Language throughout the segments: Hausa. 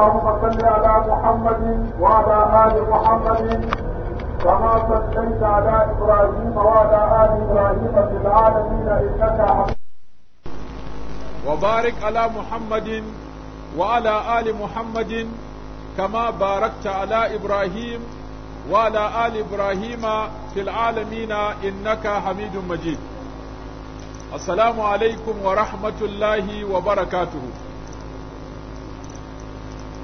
اللهم صل على محمد وعلى آل محمد كما صليت على إبراهيم وعلى آل إبراهيم في العالمين إنك وبارك على محمد وعلى آل محمد كما باركت على إبراهيم وعلى آل إبراهيم في العالمين إنك حميد مجيد السلام عليكم ورحمة الله وبركاته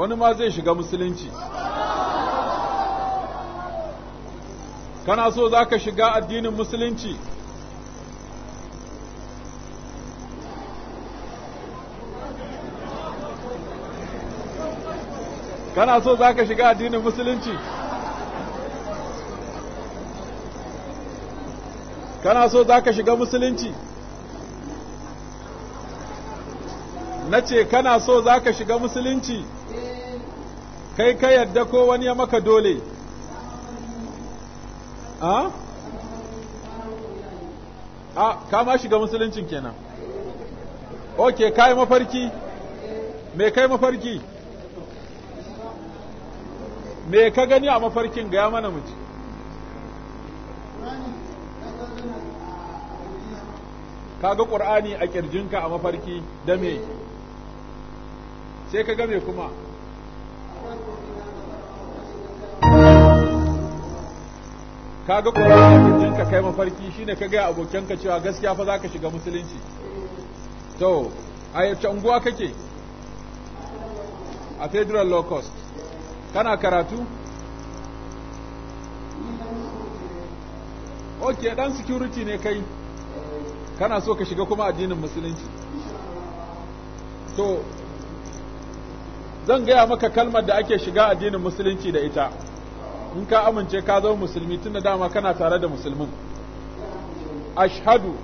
wani ma zai shiga musulunci kana so za ka shiga addinin musulunci kana so za ka shiga addinin musulunci kana so za ka shiga musulunci na ce kana so za ka shiga musulunci kai ka yadda ko wani ya maka dole a a kama shiga musuluncin kenan ok kai mafarki me kai mafarki me ka gani a mafarkin gaya mana Ka ga ƙur'ani a ƙirjinka a mafarki da me sai ka ga me kuma kaga ko ka ka kai mafarki shine ka abokan abokanka cewa gaskiya fa zaka shiga musulunci to a yace unguwa kake a federal law cost kana karatu ok dan security ne kai kana so ka shiga kuma addinin musulunci to zan gaya maka kalmar da ake shiga addinin musulunci da ita in ka amince ka zama musulmi tun da dama kana tare da musulmin Ashadu.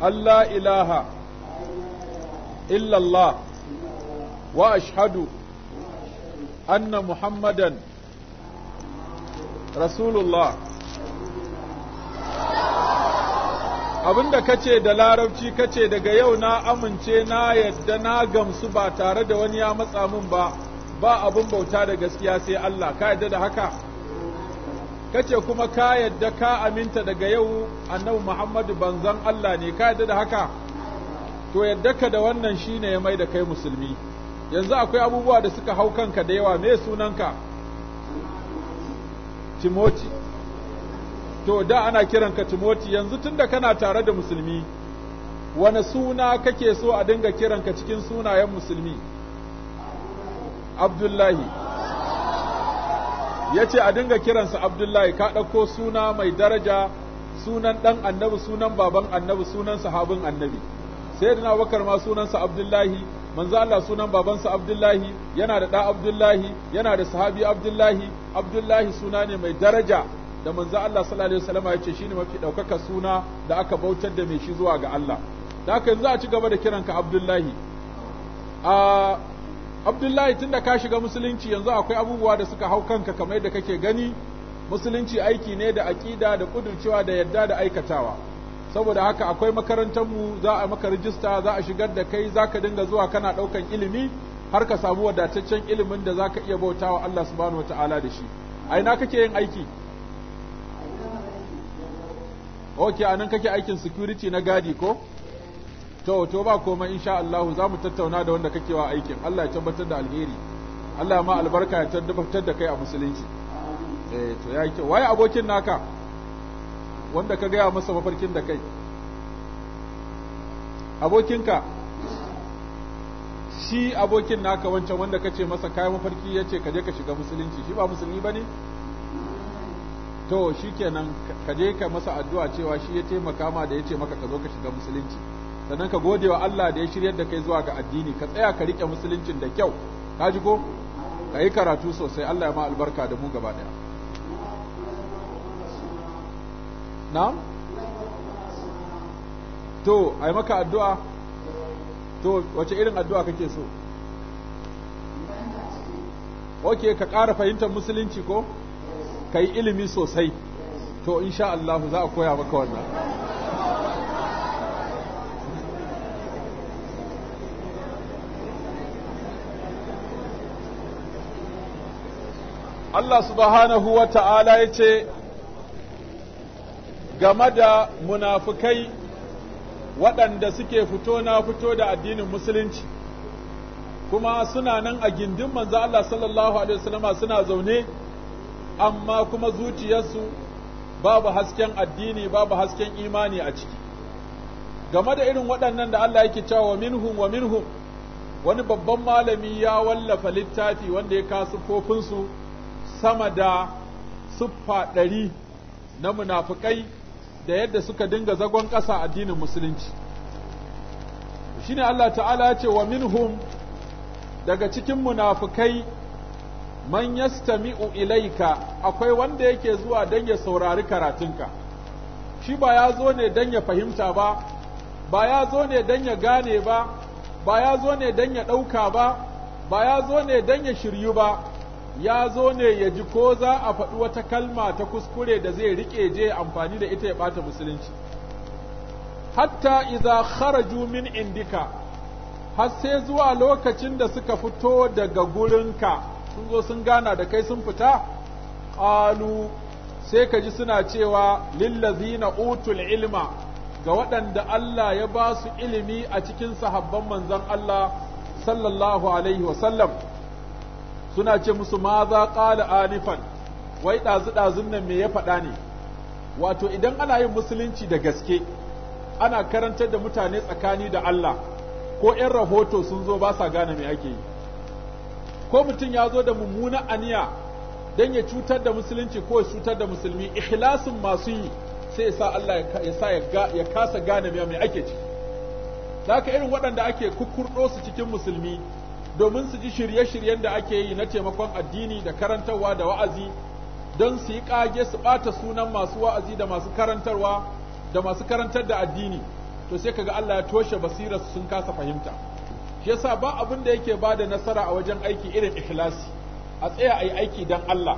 Allah ilaha illallah wa ashhadu anna muhammadan rasulullah abinda kace da larabci kace daga yau na amince na yadda na gamsu ba tare da wani ya matsa min ba ba abun bauta da gaskiya sai Allah ka yadda da haka kace kuma ka yadda ka aminta daga yau annabi Muhammadu banzan Allah ne ka yadda da haka to yadda ka da wannan shine ya mai da kai musulmi yanzu akwai abubuwa da suka hau kanka da yawa me sunanka Timoti to da ana kiranka Timoti yanzu tunda kana tare da musulmi wani suna kake so a dinga kiranka cikin sunayen musulmi Abdullahi ya ce a dinga kiransa Abdullahi ka ɗauko suna mai daraja sunan ɗan annabi sunan baban annabi sunan sahabin annabi sai da bakar ma sunansa Abdullahi manzo Allah sunan babansa Abdullahi yana da ɗa Abdullahi yana da sahabi Abdullahi Abdullahi suna ne mai daraja da manzo Allah sallallahu alaihi wasallam ya ce shine mafi ɗaukaka suna da aka bautar da mai shi zuwa ga Allah da haka yanzu a ci gaba da kiranka Abdullahi ah, abdullahi tunda ka shiga musulunci yanzu akwai abubuwa da suka hau kanka kamar yadda kake gani musulunci aiki ne da aƙida da ƙudurcewa da yadda da aikatawa saboda haka akwai makarantar mu za a maka rijista za a shigar da kai za ka dinga zuwa kana ɗaukan ilimi har ka samu wadataccen ilimin da za ka iya bautawa Allah subhanahu ta'ala da shi a ina kake yin aiki ok a kake aikin security na gadi ko to to ba komai insha Allah za mu tattauna da wanda kake wa aikin Allah ya tabbatar da alheri Allah ma albarka ya tabbatar da kai a musulunci eh to ya kyau waye abokin naka wanda ka gaya masa mafarkin da kai abokinka shi abokin naka wancan wanda ka ce masa kayan mafarki ya ce ka je ka shiga musulunci shi ba musulmi ba ne to shi kenan ka je ka masa addu'a cewa shi ya taimaka ma da ya ce maka ka zo ka shiga musulunci sannan ka gode wa Allah da ya shiryar da kai zuwa ga addini ka tsaya ka rike musuluncin da kyau ka ji ko ka yi karatu sosai Allah ya ma albarka da mu gaba daya na'am to ai maka addu'a to wace irin addu'a kake so ok ka ƙara fahimtar musulunci ko ka yi ilimi sosai to insha Allah za a koya maka wannan Allah subhanahu wa ta'ala ya ce game da munafukai waɗanda suke fito na fito da addinin musulunci kuma suna nan a gindin manzo Allah sallallahu alaihi wasallama suna zaune amma kuma zuciyarsu babu hasken addini babu hasken imani a ciki game da irin waɗannan da Allah yake cewa minhum wa minhum wani babban malami ya wallafa littafi wanda ya kasu kofinsu sama da siffa ɗari na munafukai da yadda suka dinga zagon ƙasa addinin musulunci shi ne Allah ta'ala ya ce wa minhum daga cikin munafukai man yastami'u ilaika akwai wanda yake zuwa don ya saurari karatunka shi ba ya zo ne don ya fahimta ba ba ya zo ne don ya gane ba ba ya zo ne don ya ɗauka ba ba ya zo ne don ya shiryu ba ya zo ne ya ji ko za a faɗi wata kalma ta kuskure da zai riƙe je amfani da ita ya ɓata musulunci hatta iza kharaju min indika har sai zuwa lokacin da suka fito daga gurinka sun zo sun gana da kai sun fita alu sai ka ji suna cewa lillazina utul ilma ga waɗanda Allah ya ba su ilimi a cikin sahabban manzon Allah sallallahu alaihi wasallam suna ce musu ma za ƙala alifan wai ɗazu-ɗazun nan me ya faɗa ne wato idan ana yin musulunci da gaske ana karantar da mutane tsakani da Allah ko ‘yan rahoto sun zo ba sa gane me ake yi ko mutum ya zo da mummuna aniya don ya cutar da musulunci ko ya cutar da musulmi ikhlasin masu yi sai ya sa Allah ya kasa gane me ake ciki da haka irin waɗanda ake kukurɗo su cikin musulmi domin su ji shirye-shiryen da ake yi na taimakon addini da karantarwa da wa'azi don su yi ƙage su ɓata sunan masu wa'azi da masu karantarwa da masu karantar da addini to sai kaga Allah ya toshe basirar sun kasa fahimta shi yasa ba abin da yake ba da nasara a wajen aiki irin ikhlasi a tsaya a yi aiki don Allah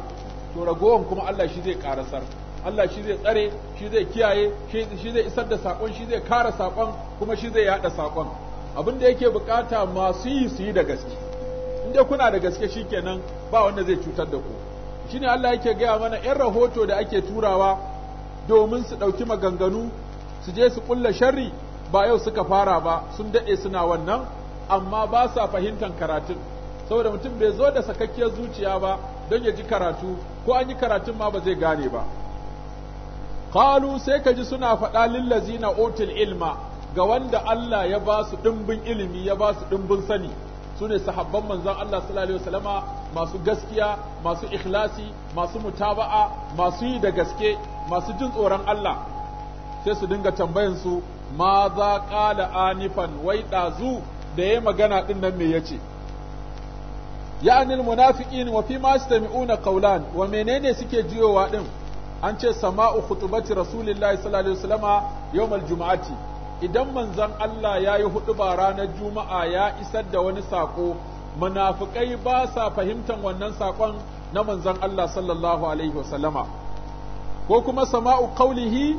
to ragowan kuma Allah shi zai karasar Allah shi zai tsare shi zai kiyaye shi zai isar da saƙon, shi zai kara saƙon kuma shi zai yaɗa saƙon. abin da yake bukata masu yi su yi da gaske in kuna da gaske shi shikenan ba wanda zai cutar da ku shine Allah yake gaya mana yan rahoto da ake turawa domin su ɗauki maganganu su je su ƙulla sharri ba yau suka fara ba sun daɗe suna wannan amma ba sa fahimtar karatun saboda mutum bai zo da sakakkiyar zuciya ba don ya ji karatu ko an yi karatun ma ba zai gane ba qalu sai ka ji suna faɗa lillazina otal ilma ga wanda Allah ya ba su ɗimbin ilimi ya ba su ɗimbin sani su ne sahabban manzan Allah sallallahu alaihi masu gaskiya masu ikhlasi masu mutaba'a masu yi da gaske masu jin tsoron Allah sai su dinga tambayan su ma za qala anifan wai ɗazu da yayi magana din nan me yace anil munafiqin wa fi ma yastami'una qawlan wa menene suke jiyowa ɗin? an ce sama'u khutubati rasulillahi sallallahu alaihi wasallama yawmal jumu'ati idan manzon Allah ya yi hudu ba ranar juma'a ya isar da wani saƙo, munafukai ba sa fahimtar wannan saƙon na manzon Allah sallallahu alaihi wasallama ko kuma sama'u kaulihi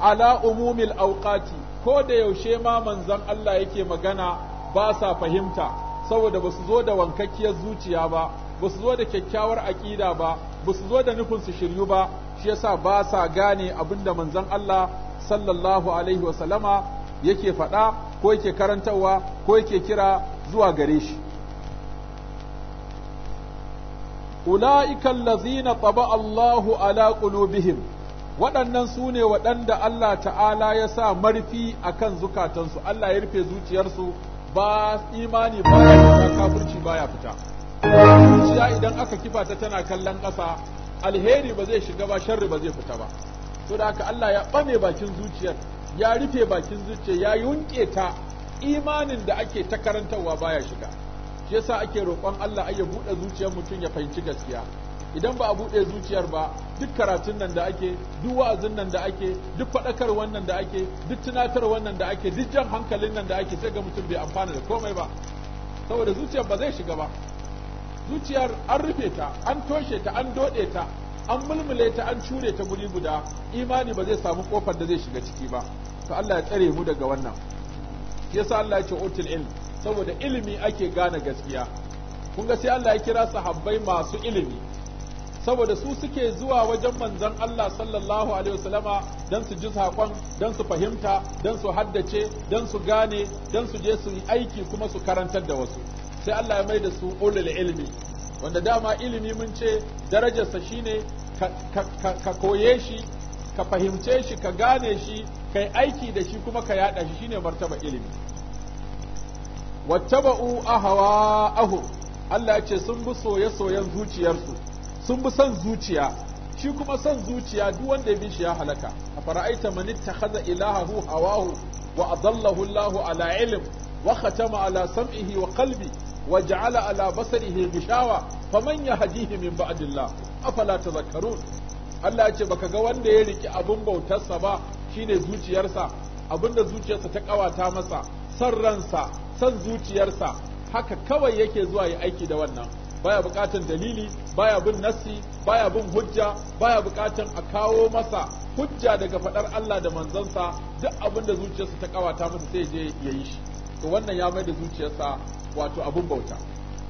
ala umumil aukati, ko da yaushe ma manzon Allah yake magana ba sa fahimta saboda ba su zo da wankakkiyar zuciya ba ba su zo da kyakkyawar aƙida ba ba su zo da nufin su shiryu ba shi yasa ba sa gane abin da manzon Allah sallallahu alaihi wasallama yake faɗa ko yake karantarwa ko yake kira zuwa gare shi ula'ikan lazina taba Allahu ala qulubihim waɗannan su ne waɗanda Allah ta'ala ya sa marfi akan kan zukatansu Allah ya rufe zuciyarsu ba imani ba ya kafirci ba fita zuciya idan aka kifa ta tana kallon ƙasa alheri ba zai shiga ba sharri ba zai fita ba to da haka Allah ya ɓame bakin zuciyar ya rufe bakin zuciya ya yunke ta imanin da ake ta karantarwa baya shiga shi yasa ake roƙon Allah ya buɗe zuciyar mutum ya fahimci gaskiya idan ba a buɗe zuciyar ba duk karatun nan da ake duk wa'azin nan da ake duk faɗakar wannan da ake duk tunatar wannan da ake duk jan hankalin nan da ake sai ga mutum bai amfana da komai ba saboda zuciyar ba zai shiga ba zuciyar an rufe ta an toshe ta an doɗe ta an mulmule ta an cure ta guri guda imani ba zai samu kofar da zai shiga ciki ba to Allah ya tsare mu daga wannan yasa Allah ya ce utul ilm saboda ilimi ake gane gaskiya kun ga sai Allah ya kira sahabbai masu ilimi saboda su suke zuwa wajen manzon Allah sallallahu alaihi wasallama dan su ji sakon dan su fahimta dan su haddace dan su gane dan su je su yi aiki kuma su karantar da wasu sai Allah ya mai da su ulul ilmi wanda dama ilimi mun ce darajarsa shine ka koye shi ka fahimce shi ka gane shi kai aiki da shi kuma ka yada shi shine martaba ilimi wattaba'u ahu Allah ya ce sun bi soye-soyen zuciyarsu sun bi son zuciya shi kuma son zuciya duk wanda ya bi shi ya halaka a fara'aita man ilaha hu hawahu wa adallahu Allahu ala ilm wa khatama ala sam'ihi wa qalbi wa ja'ala ala basarihi gishawa faman yahdihi min ba'dillah afala tadhakkarun Allah ya baka ga wanda ya riki abun bautarsa ba shine zuciyarsa abinda zuciyarsa ta kawata masa san ransa san zuciyarsa haka kawai yake zuwa ya aiki da wannan baya bukatan dalili baya bin nassi baya bin hujja baya bukatan a kawo masa hujja daga fadar Allah da manzansa duk abinda zuciyarsa ta kawata masa sai je ya yi shi to wannan ya mai da zuciyarsa wato abun bauta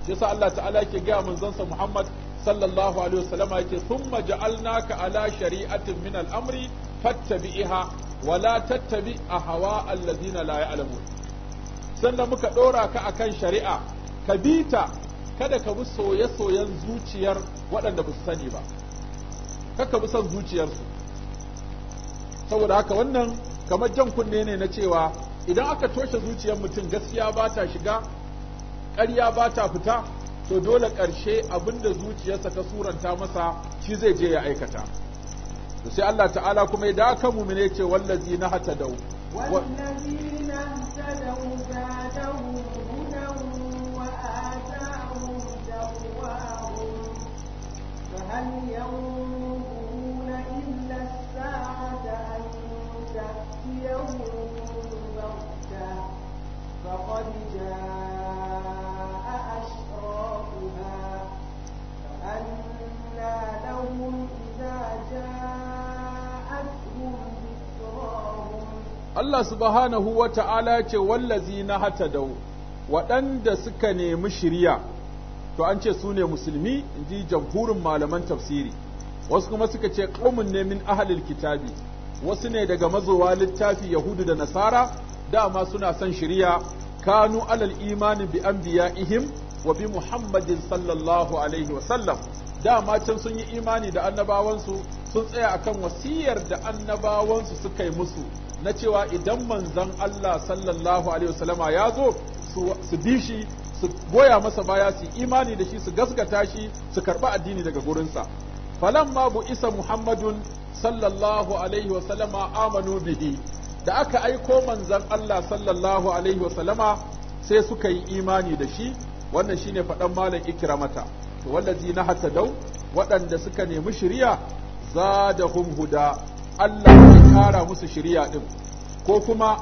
yasa Allah ta'ala yake gaya manzonsa Muhammad sallallahu alaihi wasallama yake thumma ja'alnaka ala shari'atin min al-amri fattabi'iha wa la tattabi ahwa alladhina la ya'lamun sannan muka dora ka akan shari'a ka bita kada ka bi soye-soyen zuciyar waɗanda ba su sani ba kaka bi son zuciyarsu saboda haka wannan kamar jan kunne ne na cewa idan aka toshe zuciyar mutum gaskiya ba ta shiga ƙarya ba ta fita to dole ƙarshe abinda zuciyarsa ta suranta masa shi zai je ya aikata to sai Allah ta'ala kuma ya daka mu ne ce wallazi na hata dau wallazi na hata dau zadahu hudan wa ata'u dawahum fa hal yawm Allah subhanahu wa ta'ala ce wallazi na hata dau, waɗanda suka nemi shirya, to an ce su ne musulmi, in ji jamhurin malaman tafsiri, wasu kuma suka ce ƙaumin ne min ahalil kitabi, wasu ne daga mazowa littafi Yahudu da Nasara, dama suna son shirya, kanu alal imani bi anbiya'ihim wa bi Muhammadin sallallahu alaihi wa dama can sun yi imani da annabawansu sun tsaya akan wasiyar da annabawansu suka yi musu na cewa idan manzan Allah sallallahu alaihi wasallama ya zo su bi shi su goya masa baya su imani da shi su gaskata shi su karɓi addini daga gurinsa ma bu isa muhammadun sallallahu alaihi wasallama amanu bihi da aka aiko manzan Allah sallallahu alaihi wasallama sai suka yi imani da shi wannan shine faɗan malam ikramata to wallazi na dau waɗanda suka nemi shiriya zadahum huda Allah ya kara musu shirya ɗin? ko kuma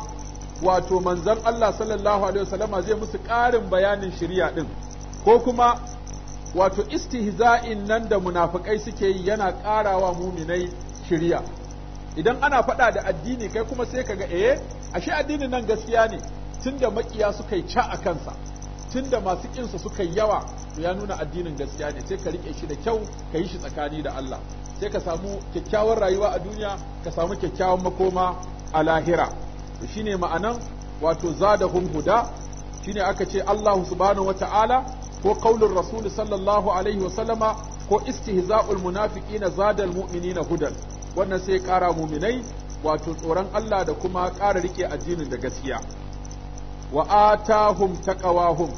wato manzon Allah sallallahu alaihi wasallama zai musu ƙarin bayanin shirya ɗin? ko kuma wato istihza'in nan da munafikai suke yi yana ƙarawa muminai shirya? idan ana faɗa da addini kai kuma sai kaga eh ashe addinin nan gaskiya ne tunda makiya suka yi ca a kansa tunda masu kinsa suka yi yawa to ya nuna addinin gaskiya ne sai ka rike shi da kyau ka yi shi tsakani da Allah sai ka samu kyakkyawar rayuwa a duniya ka samu kyakkyawan makoma a lahira shine ma'anan wato zadahum huda shine aka ce Allah subhanahu wata'ala ko qaulur rasulu sallallahu alaihi wa sallama ko istihza'ul na zadal na hudan wannan sai ƙara muminai wato tsoron Allah da kuma ƙara rike addinin da gaskiya wa atahum taqawahum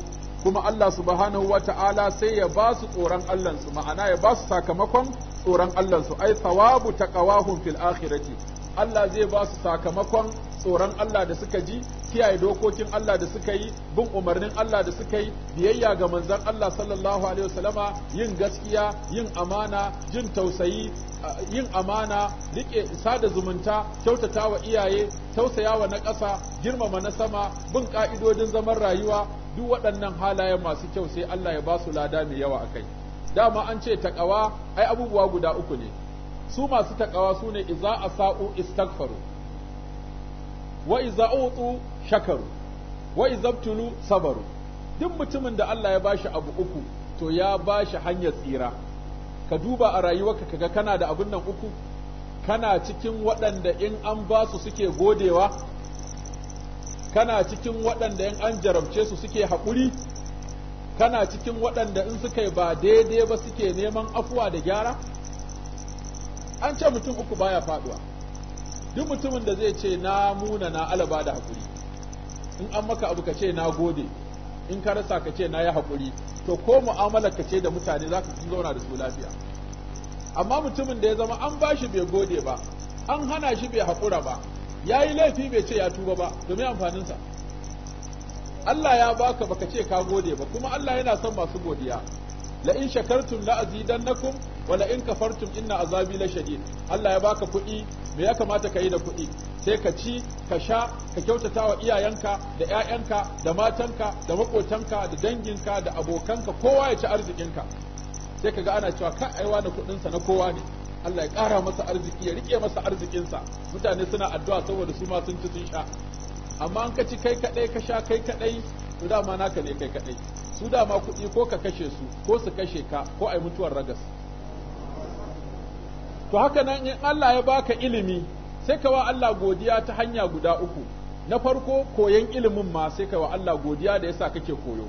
kuma Allah subhanahu wata'ala sai ya ba su tsoron Allahnsu, su ma'ana ya ba su sakamakon tsoron Allah su ai sawabu ƙawahun fil akhirati Allah zai ba su sakamakon tsoron Allah da suka ji kiyaye dokokin Allah da suka yi bin umarnin Allah da suka yi biyayya ga manzon Allah sallallahu alaihi wasallama yin gaskiya yin amana jin tausayi yin amana rike sada zumunta wa iyaye tausayawa na ƙasa girmama na sama bin ka'idodin zaman rayuwa duk waɗannan halayen masu kyau sai Allah ya ba su lada mai yawa akai dama an ce taƙawa, ai abubuwa guda uku ne su masu su sune iza asa'u istaghfaru wa iza utu shakaru wa iza btulu sabaru duk mutumin da Allah ya bashi abu uku to ya bashi hanyar tsira ka duba a rayuwarka kaga kana da abun nan uku kana cikin waɗanda in an ba su suke godewa kana cikin waɗanda in an jarabce su suke haƙuri kana cikin waɗanda in suka yi ba daidai ba suke neman afuwa da gyara an ce mutum uku baya faɗuwa duk mutumin da zai ce na muna na alaba da hakuri in an maka abu ka ce na gode in ka rasa ka ce na yi hakuri to ko mu'amalar ka ce da mutane za ka zauna da su lafiya amma mutumin da ya zama an ba shi bai gode ba an hana shi bai haƙura ba ya yi laifi bai ce ya tuba ba domin amfaninsa Allah ya baka baka ce ka gode ba kuma Allah yana son masu godiya la in shakartum la azidannakum wa la in kafartum inna azabi la shadid Allah ya baka kuɗi me ya kamata ka yi da kuɗi sai ka ci ka sha ka kyautata wa iyayenka da ƴaƴanka da matanka da makotanka da danginka da abokanka kowa ya ci arzikinka sai ka ga ana cewa ka aiwa kuɗin sa na kowa ne Allah ya ƙara masa arziki ya rike masa arzikinsa mutane suna addu'a saboda su ma sun ci sun sha amma an ka ci kai kaɗai, ka sha kai kadai to dama naka ne kai kadai su dama kuɗi ko ka kashe su ko su kashe ka ko ai mutuwar ragas to haka nan in Allah ya baka ilimi sai ka wa Allah godiya ta hanya guda uku na farko koyan ilimin ma sai ka wa Allah godiya da yasa kake koyo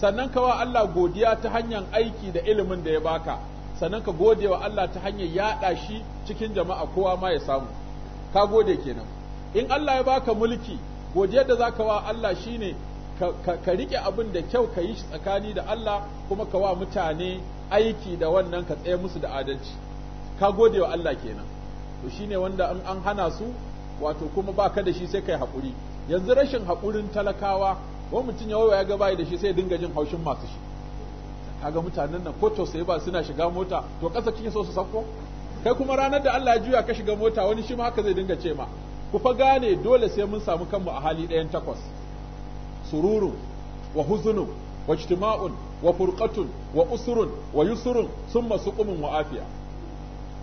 sannan ka wa Allah godiya ta hanyar aiki da ilimin da ya baka sannan ka gode wa Allah ta hanyar yaɗa shi cikin jama'a kowa ma ya samu ka gode kenan in Allah ya baka mulki godiyar da zaka wa Allah shine ka rike abin da kyau ka yi shi tsakani da Allah kuma ka wa mutane aiki da wannan ka tsaye musu da adalci ka gode wa Allah kenan to shine wanda in an hana su wato kuma baka da shi sai kai haƙuri yanzu rashin haƙurin talakawa wani mutum ya waya ga bayi da shi sai dinga jin haushin masu shi kaga mutanen nan ko sai ba suna shiga mota to kasa cikin so su sako kai kuma ranar da Allah ya juya ka shiga mota wani shi ma haka zai dinga ce ma ku fa gane dole sai mun samu kanmu a hali ɗayan takwas sururun wa huzunu wa jitima'un wa furqatun wa usurun wa yusurun sun ƙumin wa afiya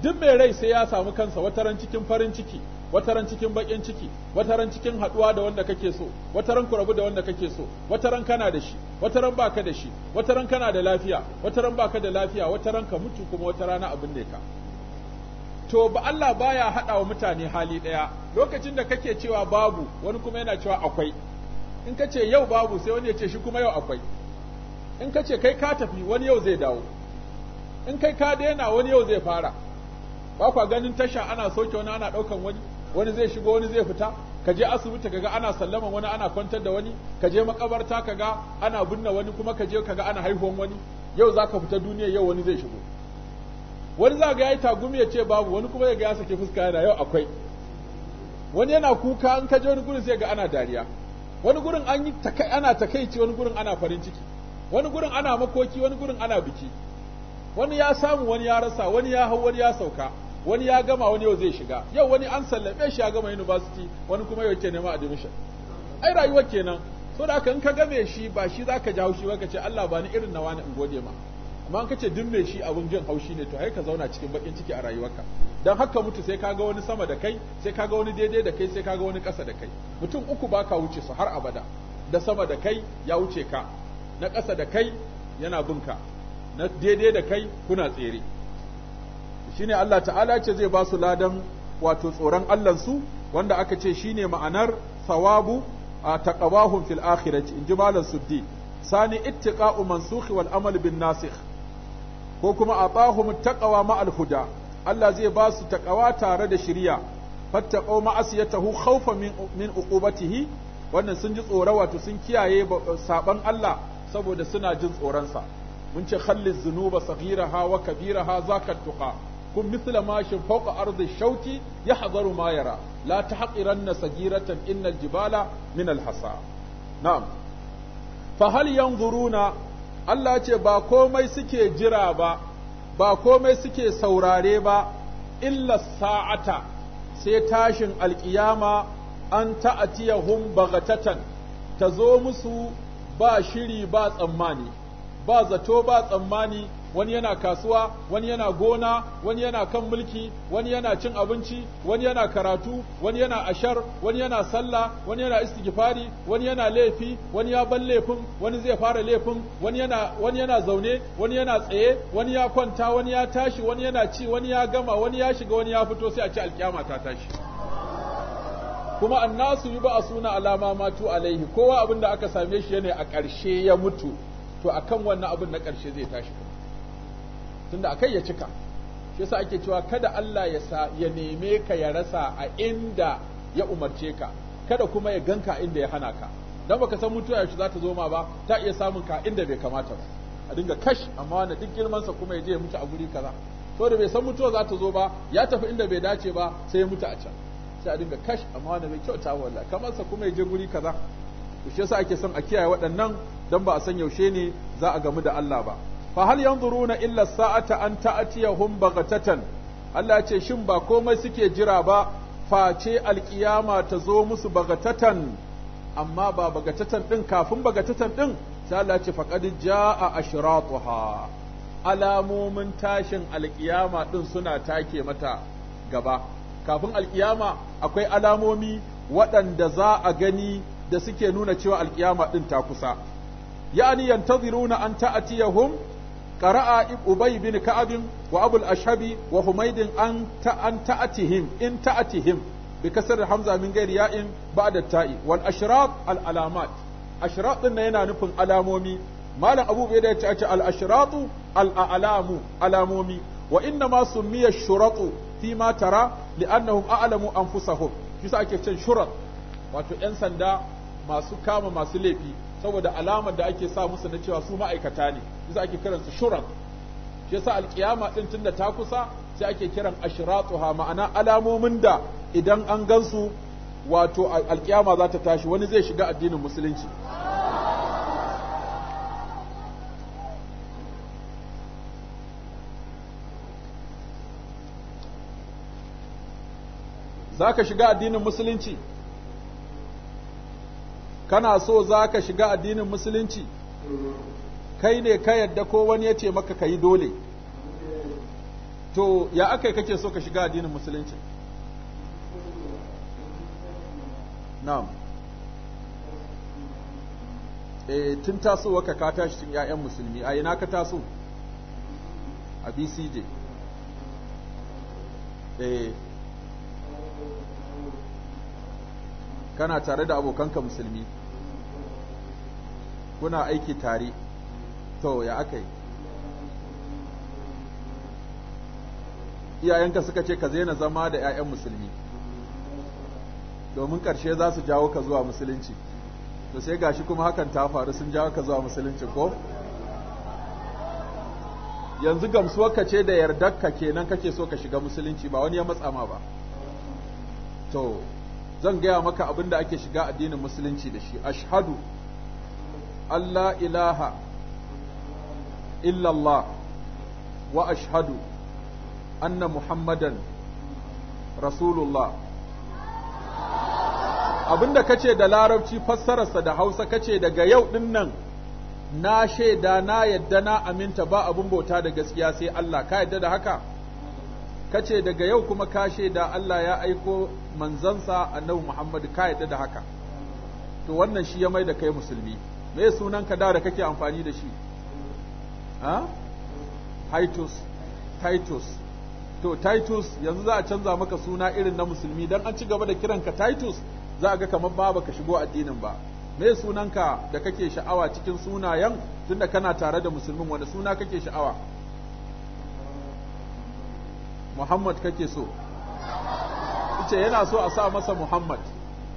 duk mai rai sai ya samu kansa wataran cikin farin ciki wataran cikin baƙin ciki wataran cikin haɗuwa da wanda kake so wataran ku rabu da wanda kake so wataran kana da shi wataran baka da shi wataran kana da lafiya wataran baka da lafiya wataran ka mutu kuma wata rana abin ne ka to ba Allah baya haɗa wa mutane hali ɗaya lokacin da kake cewa babu wani kuma yana cewa akwai in ka ce yau babu sai wani ya ce shi kuma yau akwai in ka ce kai ka tafi wani yau zai dawo in kai ka daina wani yau zai fara ba kwa ganin tasha ana soke wani ana ɗaukan wani wani zai shigo wani zai fita ka je asibiti kaga ana sallaman wani ana kwantar da wani ka je makabarta kaga ana binne wani kuma ka je kaga ana haihuwan wani yau zaka fita duniya yau wani zai shigo wani za ga ya yi tagumi ya ce babu wani kuma ya ga ya sake fuska yana yau akwai wani yana kuka an kaje wani gurin sai ga ana dariya wani gurin an yi ana takaici wani gurin ana farin ciki wani gurin ana makoki wani gurin ana biki wani ya samu wani ya rasa wani ya hau wani ya sauka wani ya gama wani yau zai shiga yau wani an sallame shi ya gama university wani kuma yau yake neman admission ai rayuwa kenan saboda da haka in ka game shi ba shi zaka jawo shi ba ka ce Allah ba ni irin nawa ne in gode ma amma an kace duk mai shi abun jin haushi ne to ai ka zauna cikin bakin ciki a rayuwarka dan haka mutu sai kaga wani sama da kai sai kaga wani daidai da kai sai kaga wani ƙasa da kai mutum uku baka wuce su har abada da sama da kai ya wuce ka na ƙasa da kai yana bunka, na daidai da kai kuna tsere shine Allah ta'ala ce zai ba su ladan wato tsoron Allah su wanda aka ce shine ma'anar sawabu a taqawahum fil akhirati inji malam suddi sani ittiqa'u mansukh wal amal bin nasikh ko kuma atahum taqwa ma alhuda Allah zai ba su taqwa tare da shiriya fattaqau ma ya khawfan min min uqubatihi wannan sun ji tsoro wato sun kiyaye saban Allah saboda suna jin tsoron sa mun ce khalliz zunuba saghiraha wa kabiraha zakat tuƙa kun mithla mashin fauƙa ardi shauki ya ma mayara. la tahqiranna sagiratan innal jibala min alhasa na'am fa hal yanzuruna Allah ce ba komai suke jira ba ba komai suke saurare ba illa sa'ata sai tashin alkiyama an ta'atiyahum bagatatan ta zo musu ba shiri ba tsammani ba zato ba tsammani wani yana kasuwa wani yana gona wani yana kan mulki wani yana cin abinci wani yana karatu wani yana ashar wani yana sallah wani yana istighfari wani yana laifi wani ya ban laifin wani zai fara laifin wani yana wani yana zaune wani yana tsaye wani ya kwanta wani ya tashi wani yana ci wani ya gama wani ya shiga wani ya fito sai a ci alkiyama ta tashi kuma annasu yi ba a suna alama matu alaihi kowa abin da aka same shi ne a ƙarshe ya mutu to akan wannan abin na ƙarshe zai tashi tunda akai ya cika shi yasa ake cewa kada Allah ya sa ya neme ka ya rasa a inda ya umarce ka kada kuma ya ganka inda ya hana ka dan baka san mutuwa yaushe za ta zo ma ba ta iya samun ka inda bai kamata ba a dinga kash amma wannan duk girman sa kuma ya je ya mutu a guri kaza to da bai san mutuwa za ta zo ba ya tafi inda bai dace ba sai ya mutu a can sai a dinga kash amma wannan bai kyauta wallahi kamar sa kuma ya je guri kaza to shi yasa ake son a kiyaye waɗannan dan ba a san yaushe ne za a gamu da Allah ba fa hal yanzuruna illa sa'ata an ta'tiyahum baghatatan Allah ce shin ba komai suke jira ba face alkiyama ta zo musu bagatatan amma ba bagatatan din kafin bagatatan din sai Allah ce faqad jaa ashratuha alamomin tashin alkiyama din suna take mata gaba kafin alkiyama akwai alamomi waɗanda za a gani da suke nuna cewa alkiyama din ta kusa ya'ani yantaziruna an ta'tiyahum qara'a ubay bin ka'ab wa abul ashabi wa humayd an ta an ta'atihim in ta'atihim bi kasr hamza min ghairi ya'in ba'da ta'i wal ashraq al alamat ɗin na yana nufin alamomi malam abu bai da ya ce al ashraq al alamomi wa inna ma summiya shuraq fi ma tara li'annahum a'lamu anfusahum shi sa ake can shurat wato yan sanda masu kama masu laifi saboda alamar da ake sa musu na cewa su ma'aikata ne yasa ake kiransu shuran shi yasa alkiyama din tunda ta kusa sai ake kiran ashratuha ma'ana alamomin da idan an gansu wato alkiyama za ta tashi wani zai shiga addinin musulunci za ka shiga addinin musulunci kana so za ka shiga addinin musulunci kai ne ka yadda ko wani ya ce maka ka yi dole to ya aka kake so ka shiga addinin musulunci na'am e tun taso waka ka tashi tun 'ya'yan musulmi a ina ka taso a bcj eh kana tare da abokanka musulmi kuna aiki tare to ya aka yi iyayenka suka ce ka zaina zama da 'ya'yan musulmi domin ƙarshe za su jawo ka zuwa musulunci to sai gashi kuma hakan ta faru sun jawo ka zuwa musulunci ko yanzu gamsuwar ka ce da yardarka kenan kake so ka shiga musulunci ba wani ya matsa ma ba to zan gaya maka abin da ake shiga addinin musulunci da shi ashhadu Allah ilaha illallah wa ashhadu anna muhammadan rasulullah abinda kace da larabci fassararsa da hausa kace daga yau din nan na shaida na yadda na aminta ba abin bauta da gaskiya sai Allah ka yadda da haka kace daga yau kuma kashe da Allah ya aiko manzansa annabi Muhammad ka yadda da haka to wannan shi ya mai da kai musulmi me sunan ka da da kake amfani da shi ha Titus Titus to Titus yanzu za a canza maka suna irin na musulmi dan an ci gaba da kiran ka Titus za a ga kamar ba baka shigo addinin ba me sunanka da kake sha'awa cikin sunayen tunda kana tare da musulmin wani suna kake sha'awa Muhammad kake so ce yana so a sa masa Muhammad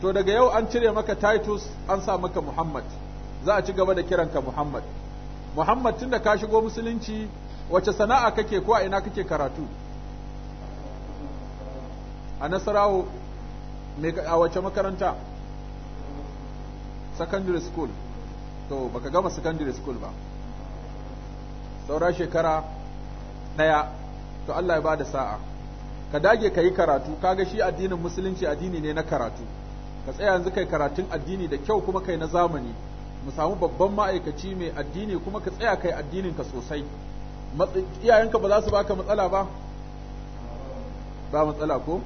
to daga yau an cire maka Titus an sa maka Muhammad za a ci gaba da kiranka Muhammad Muhammad tunda ka shigo musulunci wace sana'a kake ko a ina kake karatu a Nasarawo a wace makaranta secondary school to baka gama secondary school ba saura shekara ɗaya to Allah ya da sa'a ka dage ka yi karatu kaga shi addinin musulunci addini ne na karatu ka tsaya yanzu kai karatun addini da kyau kuma kai na zamani mu samu babban ma'aikaci mai addini kuma ka tsaya kai addinin ka sosai iyayenka ba za su baka matsala ba ba matsala ko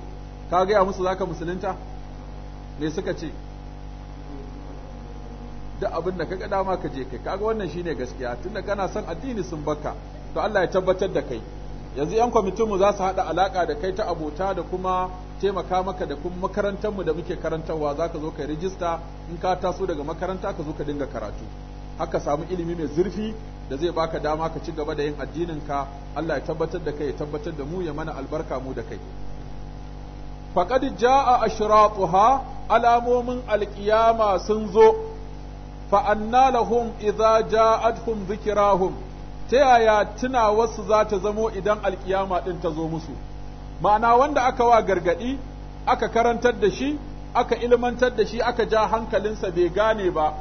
ka gaya musu zaka musulunta me suka ce da abin da kaga dama ka je kai kaga wannan shine gaskiya tunda kana son addini sun baka to Allah ya tabbatar da kai yanzu yan kwamitinmu za su haɗa alaƙa da kai ta abota da kuma taimaka maka da kuma makarantarmu da muke karantarwa za ka zo ka rijista in ka taso daga makaranta ka zo ka dinga karatu haka samu ilimi mai zurfi da zai baka dama ka ci gaba da yin addininka Allah ya tabbatar da kai ya tabbatar da mu ya mana albarka mu da kai faqad jaa ashratuha alamomin alƙiyama sun zo fa anna lahum idza ja'atuhum dhikrahum ta yaya tuna wasu za ta zamo idan alkiyama ɗin ta zo musu ma'ana wanda aka wa gargaɗi aka karantar da shi aka ilmantar da shi aka ja hankalinsa bai gane ba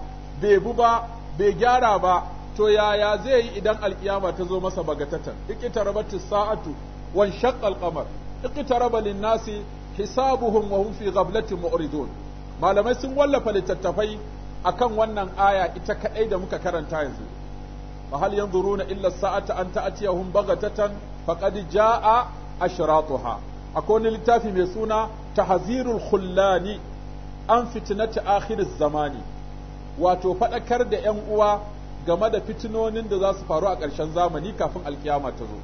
bai bu ba bai gyara ba to yaya zai yi idan alkiyama ta zo masa bagatatan iqtarabati sa'atu wan shaqqa al-qamar iqtaraba lin-nasi hisabuhum wa hum fi ghaflatin mu'ridun malamai sun wallafa littattafai akan wannan aya ita kadai da muka karanta yanzu fa hal yanzuruna illa sa'ata an ta'tiyahum baghatatan a ashira ashratuha akwai wani littafi mai suna tahzirul khullani an fitina ta akhiriz zamani wato fadakar da yan uwa game da fitinonin da za su faru a ƙarshen zamani kafin alkiyama ta zo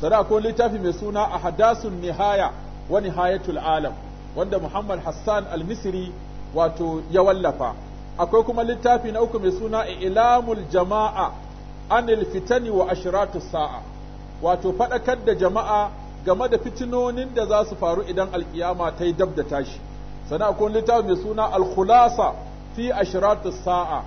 sada akwai littafi mai suna ahdasun nihaya wa nihayatul alam wanda Muhammad Hassan al-Misri wato ya wallafa akwai kuma littafi na uku mai suna ilamul jama'a anil fitani wa ashiratu sa'a wato faɗakar da jama'a game da fitinonin da za su faru idan alkiyama ta yi dab da tashi sana akwai littafi mai suna alkhulasa fi ashiratu sa'a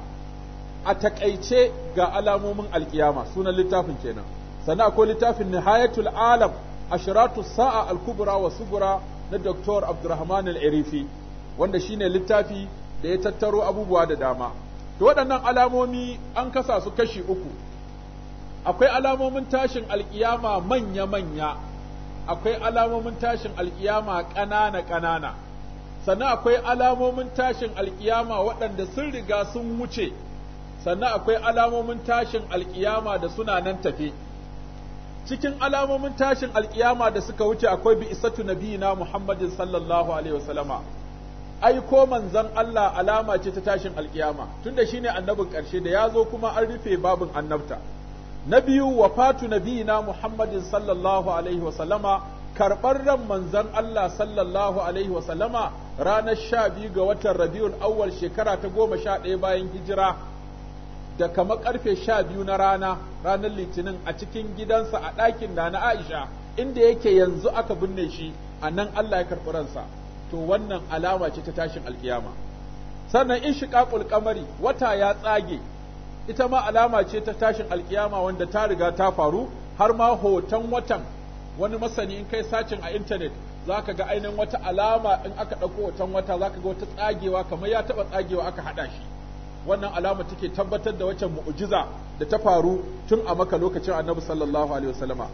a taƙaice ga alamomin alkiyama sunan littafin kenan sana akwai littafin nihayatul alam ashiratu sa'a al-kubra wa sugura na Dr. Abdurrahman al-Irifi wanda shine littafi da ya tattaro abubuwa da dama to waɗannan alamomi an kasa su kashi uku akwai alamomin tashin alkiyama manya-manya akwai alamomin tashin alkiyama ƙanana-ƙanana sannan akwai alamomin tashin alkiyama waɗanda sun riga sun wuce sannan akwai alamomin tashin alkiyama da suna nan tafe cikin alamomin tashin alkiyama da suka wuce akwai bi isatu nabiyina muhammadin sallallahu alaihi wasallama aiko manzon Allah alama ce ta tashin alkiyama tunda shine annabin ƙarshe da ya zo kuma an rufe babin annabta na biyu wafatu nabiyina Muhammadin sallallahu alaihi wasallama karɓar ran manzon Allah sallallahu alaihi wasallama ranar sha biyu ga watan Rabiul Awwal shekara ta goma sha ɗaya bayan hijira da kama karfe sha biyu na rana ranar litinin a cikin gidansa a ɗakin da na Aisha inda yake yanzu aka binne shi a nan Allah ya karɓi ransa to wannan alama ce ta tashin alkiyama sannan in shiƙaƙul kamari wata ya tsage ita ma alama ce ta tashin alkiyama wanda ta riga ta faru har ma hoton watan wani masani in kai sacin a intanet za ka ga ainihin wata alama in aka ɗauko hoton wata za ka ga wata tsagewa kamar ya taɓa tsagewa aka haɗa shi wannan alama take tabbatar da wacce mu'ujiza da ta faru tun a maka lokacin annabi sallallahu alaihi wasallama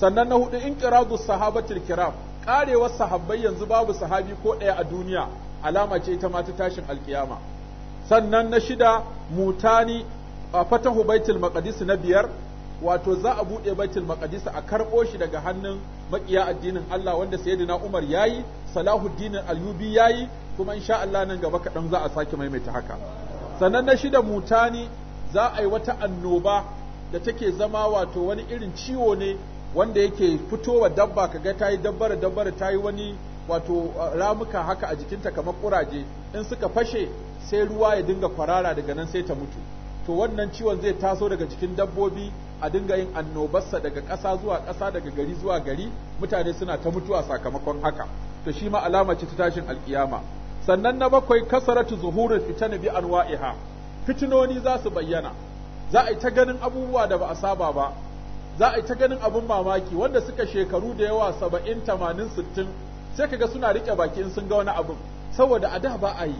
sannan na hudu inqiradu sahabatul kiram karewar sahabbai yanzu babu sahabi ko ɗaya a duniya alama ce ita ma ta tashin alkiyama sannan na shida mutani fatahu baitul maqdis na biyar wato za a bude baitul maqdis a karɓo shi daga hannun makiya addinin Allah wanda sayyidina Umar yayi Salahuddin Al-Yubi yayi kuma insha Allah nan gaba kaɗan za a sake maimaita haka sannan na shida mutani za a yi wata annoba da take zama wato wani irin ciwo ne wanda yake fitowa dabba kaga ta yi dabbara dabbara ta wani wato ramuka haka a jikinta kamar kuraje in suka fashe sai ruwa ya dinga kwarara daga nan sai ta mutu to wannan ciwon zai taso daga cikin dabbobi a dinga yin annobarsa daga ƙasa zuwa ƙasa daga gari zuwa gari mutane suna ta mutuwa sakamakon haka to shi ma alama ce ta tashin alkiyama sannan na bakwai kasaratu zuhurul fitani bi anwa'iha fitinoni za su bayyana za a yi ta ganin abubuwa da ba a saba ba za a yi ta ganin abin mamaki wanda suka shekaru da yawa saba'in tamanin sittin sai kaga suna riƙe baki in sun ga wani abin saboda a da ba a yi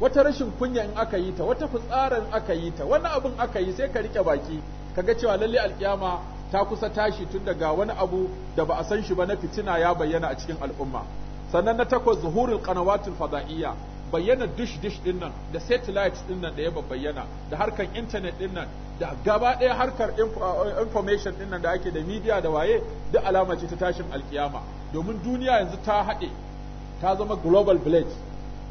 wata rashin kunya in aka yi ta wata fitsarin aka yi ta wani abin aka yi sai ka rike baki kaga cewa lalle alkiyama ta kusa tashi tun daga wani abu da ba a san shi ba na fitina ya bayyana a cikin al'umma sannan na takwas zuhurul qanawatul fada'iyya bayyana dish dish din nan da satellite din nan da ya bayyana da harkar internet din nan da gaba ɗaya harkar uh, information din nan da ake da media da waye duk alama ta tashin alkiyama domin duniya yanzu ta haɗe ta zama global village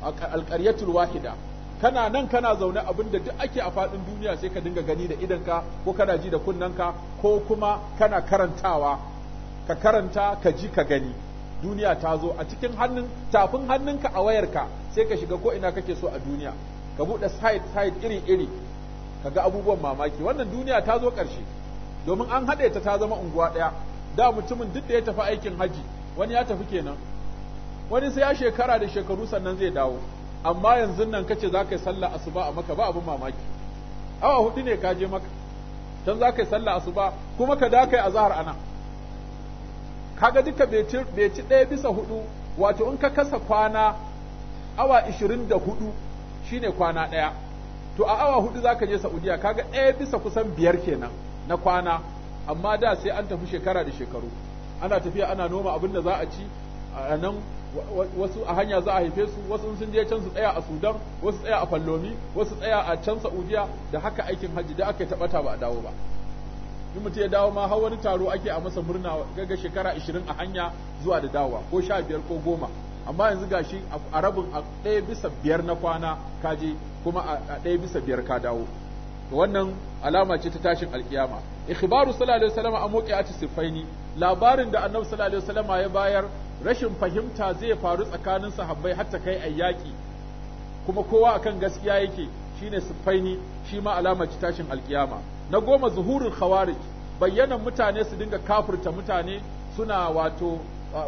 alƙaryatul wahida kana nan kana zaune abin da duk ake a faɗin duniya sai ka dinga gani da idanka ko kana ji da kunnanka ko kuma kana karantawa ka karanta ka ji ka gani duniya ta zo a cikin hannun tafin hannunka a wayarka sai ka shiga ko ina kake so a duniya ka buɗe site site iri iri ka ga abubuwan mamaki wannan duniya ta zo ƙarshe domin an haɗe ta ta zama unguwa ɗaya da mutumin duk da ya tafi aikin haji wani ya tafi kenan wani sai ya shekara da shekaru sannan zai dawo amma yanzu nan kace za ka yi sallah asuba a maka ba abin mamaki awa hudu ne ka je maka can za ka yi sallah asuba kuma ka da kai azhar ana kaga duka bai ci ɗaya bisa hudu wato in ka kasa kwana awa ishirin da hudu shine kwana ɗaya to a awa hudu za ka je saudiya kaga ɗaya bisa kusan biyar kenan na kwana amma da sai an tafi shekara da shekaru ana tafiya ana noma abin da za a ci a nan wasu a hanya za a haife su wasu sun je can su tsaya a Sudan wasu tsaya a Fallomi wasu tsaya a can Saudiya da haka aikin hajji da aka tabata ba a dawo ba in mutum ya dawo ma har wani taro ake a masa murna gaga shekara 20 a hanya zuwa da dawowa ko 15 ko 10 amma yanzu gashi a rabin a ɗaya bisa biyar na kwana ka je kuma a ɗaya bisa biyar ka dawo wannan alama ce ta tashin alkiyama ikhbaru sallallahu alaihi wasallam a moƙi a sifaini labarin da annabi sallallahu alaihi wasallam ya bayar rashin fahimta zai faru tsakanin sahabbai har ta kai ayyaki kuma kowa akan gaskiya yake shine sufaini shi ma alamar tashin alkiyama na goma zuhurul khawarij bayyanan mutane su dinga kafirta mutane suna wato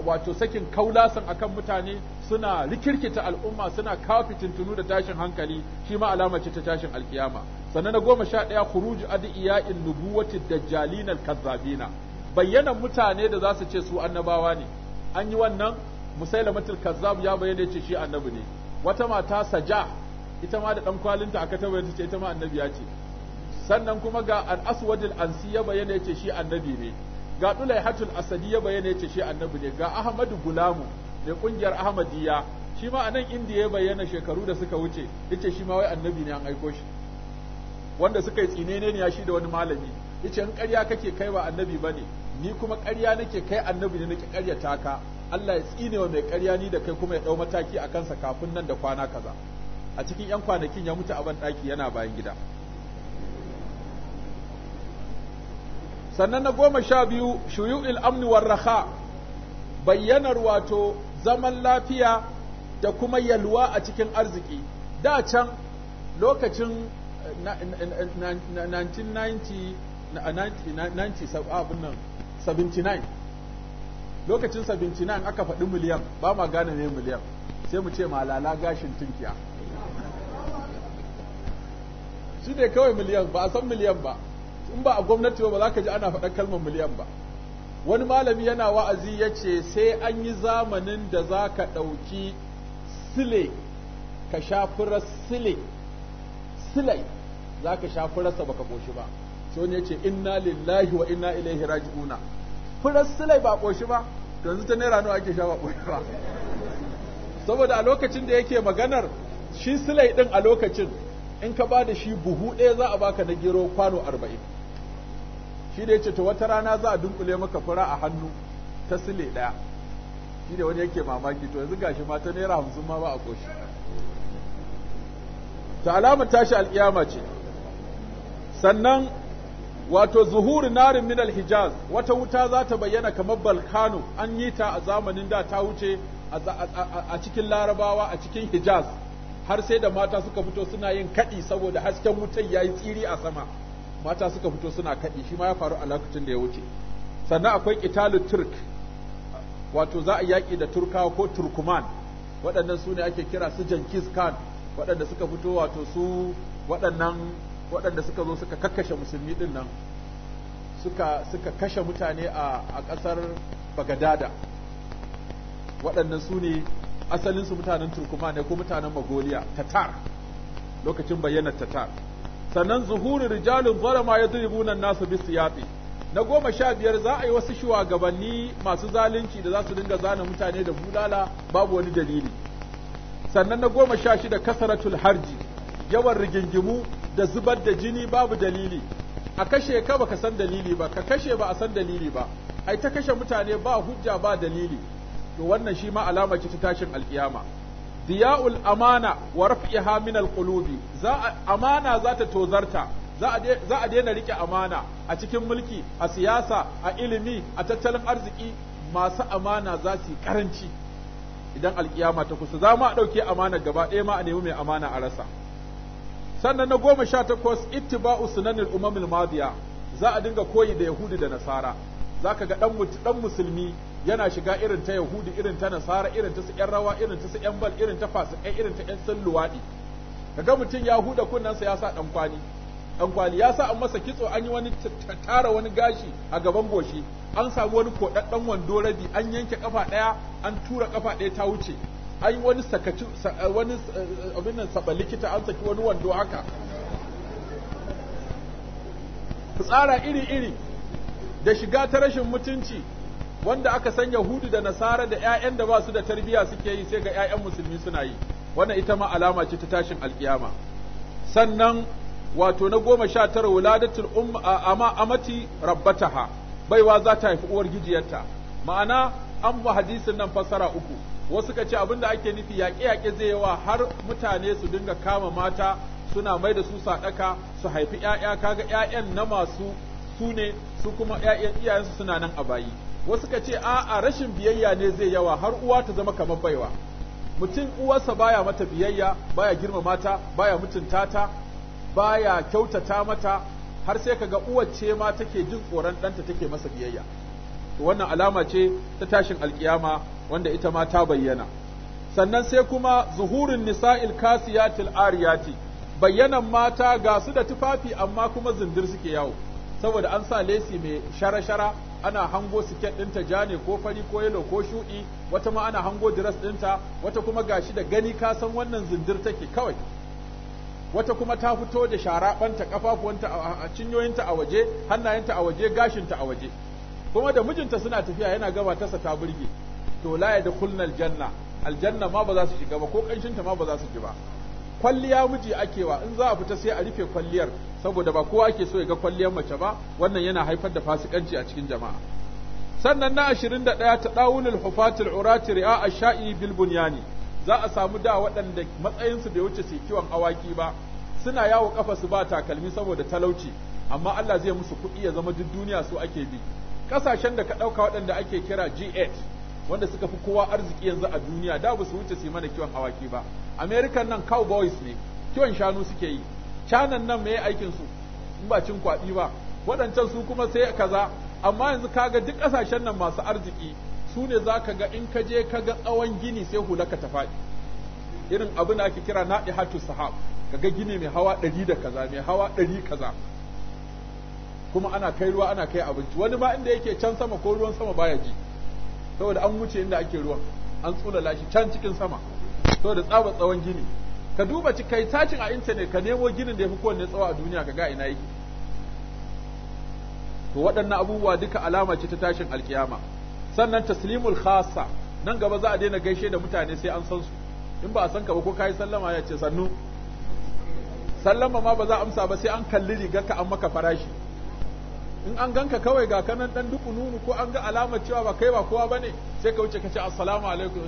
wato sakin kaulasan akan mutane suna rikirkita al'umma suna kafitin tunu da tashin hankali shi ma alama ta tashin alkiyama sannan na goma sha ɗaya kuruju adiya'in nubuwati dajjalina kazzabina bayyanan mutane da za su ce su annabawa ne an yi wannan musailamatul kazzab ya bayyana ce shi annabi ne wata mata saja ita ma da dan kwalinta aka tabbata ce ita ma annabiya ce sannan kuma ga al-aswadul ansi ya bayyana ce shi annabi ne ga dulaihatul asadi ya bayyana ce shi annabi ne ga ahmadu gulamu mai kungiyar ahmadiyya shi ma anan nan indiya ya bayyana shekaru da suka wuce yace shi ma wai annabi ne an aiko shi wanda suka yi tsinene ne ya shi da wani malami yace in ƙarya kake kai wa annabi bane ni kuma ƙarya nake kai annabi ne nake ƙaryata ka Allah ya tsine wa mai ƙarya ni da kai kuma ya ɗau mataki a kansa kafin nan da kwana kaza a cikin yan kwanakin ya mutu a ban yana bayan gida sannan na goma sha biyu shuyu'il amni warraha bayyanar wato zaman lafiya da kuma yalwa a cikin arziki da can lokacin 1990 eh, Ah, lokacin 79 aka faɗi miliyan ba ma gane ne miliyan sai mu ce malala gashin tunkiya shi ne kawai miliyan ba a san miliyan ba in ba a gwamnati ba za ka ji ana faɗar kalmar miliyan ba wani malami yana wa'azi ya ce sai an yi zamanin da za ka ɗauki sile ka shafi sile silai za ka shafi rasa baka ƙoshi ba so ne ce inna lillahi wa inna ilaihi raji'una furar silai ba koshi ba to yanzu ta naira nawa ake sha ba koshi ba saboda a lokacin da yake maganar shi silai din a lokacin in ka ba da shi buhu ɗaya za a baka na gero kwano arba'in shi da ya ce to wata rana za a dunkule maka fura a hannu ta sule ɗaya shi da wani yake mamaki to yanzu gashi ma ta naira hamsin ma ba a koshi ta alamar tashi al'iyama ce sannan wato zuhur narin min al-hijaz wata wuta za ta bayyana kamar balkano an yi ta a zamanin da ta wuce a cikin larabawa a cikin hijaz har sai da mata suka fito suna yin kaɗi saboda hasken wutan ya yi tsiri a sama mata suka fito suna kaɗi shi ma ya faru a lokacin da ya wuce sannan akwai itali turk wato za a yaƙi da turkawa ko turkuman waɗannan su ne ake kira su jankis khan waɗanda suka fito wato su waɗannan waɗanda suka zo suka kakkashe musulmi ɗin nan suka kashe mutane a ƙasar bagadada waɗannan su ne asalinsu mutanen turkuma ne ko mutanen magoliya tatar lokacin bayyana tatar sannan zuhuri rijalun zorama ya dribunan nasu bisu yaɓe. na goma sha biyar za a yi wasu shugabanni masu zalunci da za su dinga zana mutane da bulala babu wani dalili sannan na goma sha shida kasaratul harji yawan rigingimu da zubar da jini babu dalili a kashe ka baka san dalili ba ka kashe ba a san dalili ba ai ta kashe mutane ba hujja ba dalili to wannan shi ma alama ce ta tashin alkiyama diya'ul amana wa raf'iha min alqulubi za amana za ta tozarta za a daina rike amana a cikin mulki a siyasa a ilimi a tattalin arziki masu amana za su karanci idan alkiyama ta kusa za mu a ɗauke amana gaba ɗaya ma a nemi mai amana a rasa sannan na goma sha takwas ittiba'u sunanin umamil madiya za a dinga koyi da yahudi da nasara za ka ga ɗan musulmi yana shiga irin ta yahudi irin ta nasara irin ta su yan rawa irin ta su yan bal irin ta fasikai irin ta yan salluwadi. luwaɗi kaga mutum ya huda kunnensa ya sa ɗan kwali ɗan kwali ya sa an masa kitso an yi wani tara wani gashi a gaban goshi an samu wani koɗaɗɗen wando rabi an yanke kafa ɗaya an tura kafa ɗaya ta wuce an yi wani sakaci eh, wani eh, abin nan saba likita an saki wani wando haka fitsara iri-iri da shiga ta rashin mutunci wanda aka san Yahudu da Nasara da ‘ya'yan da ba su da tarbiyya suke yi sai ga ‘ya'yan musulmi suna yi, wannan ita ma alama ce ta tashin alkiyama. Sannan wato na goma sha tara wuladatul amma amati rabbataha baiwa za ta haifi uwar gijiyarta, ma'ana an bu hadisin nan fassara uku, wasu ka ce abinda ake nufi yaƙe-yaƙe zai yawa har mutane su dinga kama mata suna mai da su saɗaka su haifi ƴaƴa kaga 'ya'yan na masu su ne su kuma 'ya'yan iyayensu suna nan a bayi wasu ka ce a'a rashin biyayya ne zai yawa har uwa ta zama kamar baiwa mutum uwarsa baya mata biyayya baya girmamata mata baya mutunta ta baya kyautata mata har sai kaga uwar ce ma take jin tsoron ɗanta take masa biyayya wannan alama ce ta tashin alkiyama wanda ita ma ta bayyana sannan sai kuma zuhurin nisa'il kasiyatil ariyati bayyanan mata ga su da tufafi amma kuma zindir suke yawo saboda an sa lesi mai shara-shara ana hango siket ɗinta ja ne ko fari ko yalo ko shuɗi wata ma ana hango diras ɗinta wata kuma gashi da gani ka san wannan zindir take kawai wata kuma ta fito da shara ɓanta ƙafafuwanta a cinyoyinta a waje hannayenta a waje gashinta a waje kuma da mijinta suna tafiya yana gaba tasa ta burge to la yadkhulna aljanna aljanna ma ba za su shiga ba ko kanshin ta ma ba za su ji ba kwalliya miji akewa in za a fita sai a rufe kwalliyar saboda ba kowa ake so ya ga kwalliyar mace ba wannan yana haifar da fasikanci a cikin jama'a sannan na ashirin da 21 ta hufatul urati ri'a ash-sha'i bil bunyani za a samu da waɗanda matsayinsu bai wuce su kiwon awaki ba suna yawo ƙafa su ba takalmi saboda talauci amma Allah zai musu kuɗi ya zama duk duniya su ake bi Ƙasashen da ka ɗauka waɗanda ake kira G8 wanda suka fi kowa arziki yanzu a duniya da ba su wuce su mana kiwon awaki ba american nan cowboys ne kiwon shanu suke yi canan nan me aikin su in ba cin kwaɗi ba waɗancan su kuma sai kaza amma yanzu kaga duk ƙasashen nan masu arziki su ne za ka ga in ka je ka ga tsawon gini sai ka ta faɗi irin abin da ake kira hatu sahab ka ga gini mai hawa ɗari da kaza mai hawa ɗari kaza kuma ana kai ruwa ana kai abinci wani ma inda yake can sama ko ruwan sama baya ji saboda an wuce inda ake ruwan an tsulala shi can cikin sama saboda tsaba tsawon gini ka duba ci kai tacin a intanet ka nemo ginin da ya fi kowanne tsawo a duniya ka ga ina yake to waɗannan abubuwa duka alama ce ta tashin alkiyama sannan taslimul khassa nan gaba za a daina gaishe da mutane sai an san su in ba a san ka ba ko kai sallama ya ce sannu sallama ma ba za a amsa ba sai an kalli rigar ka an maka farashi in an ganka kawai ga kanan dan duku nunu ko an ga alamar cewa ba kai ba kowa bane sai ka wuce ka ce assalamu alaikum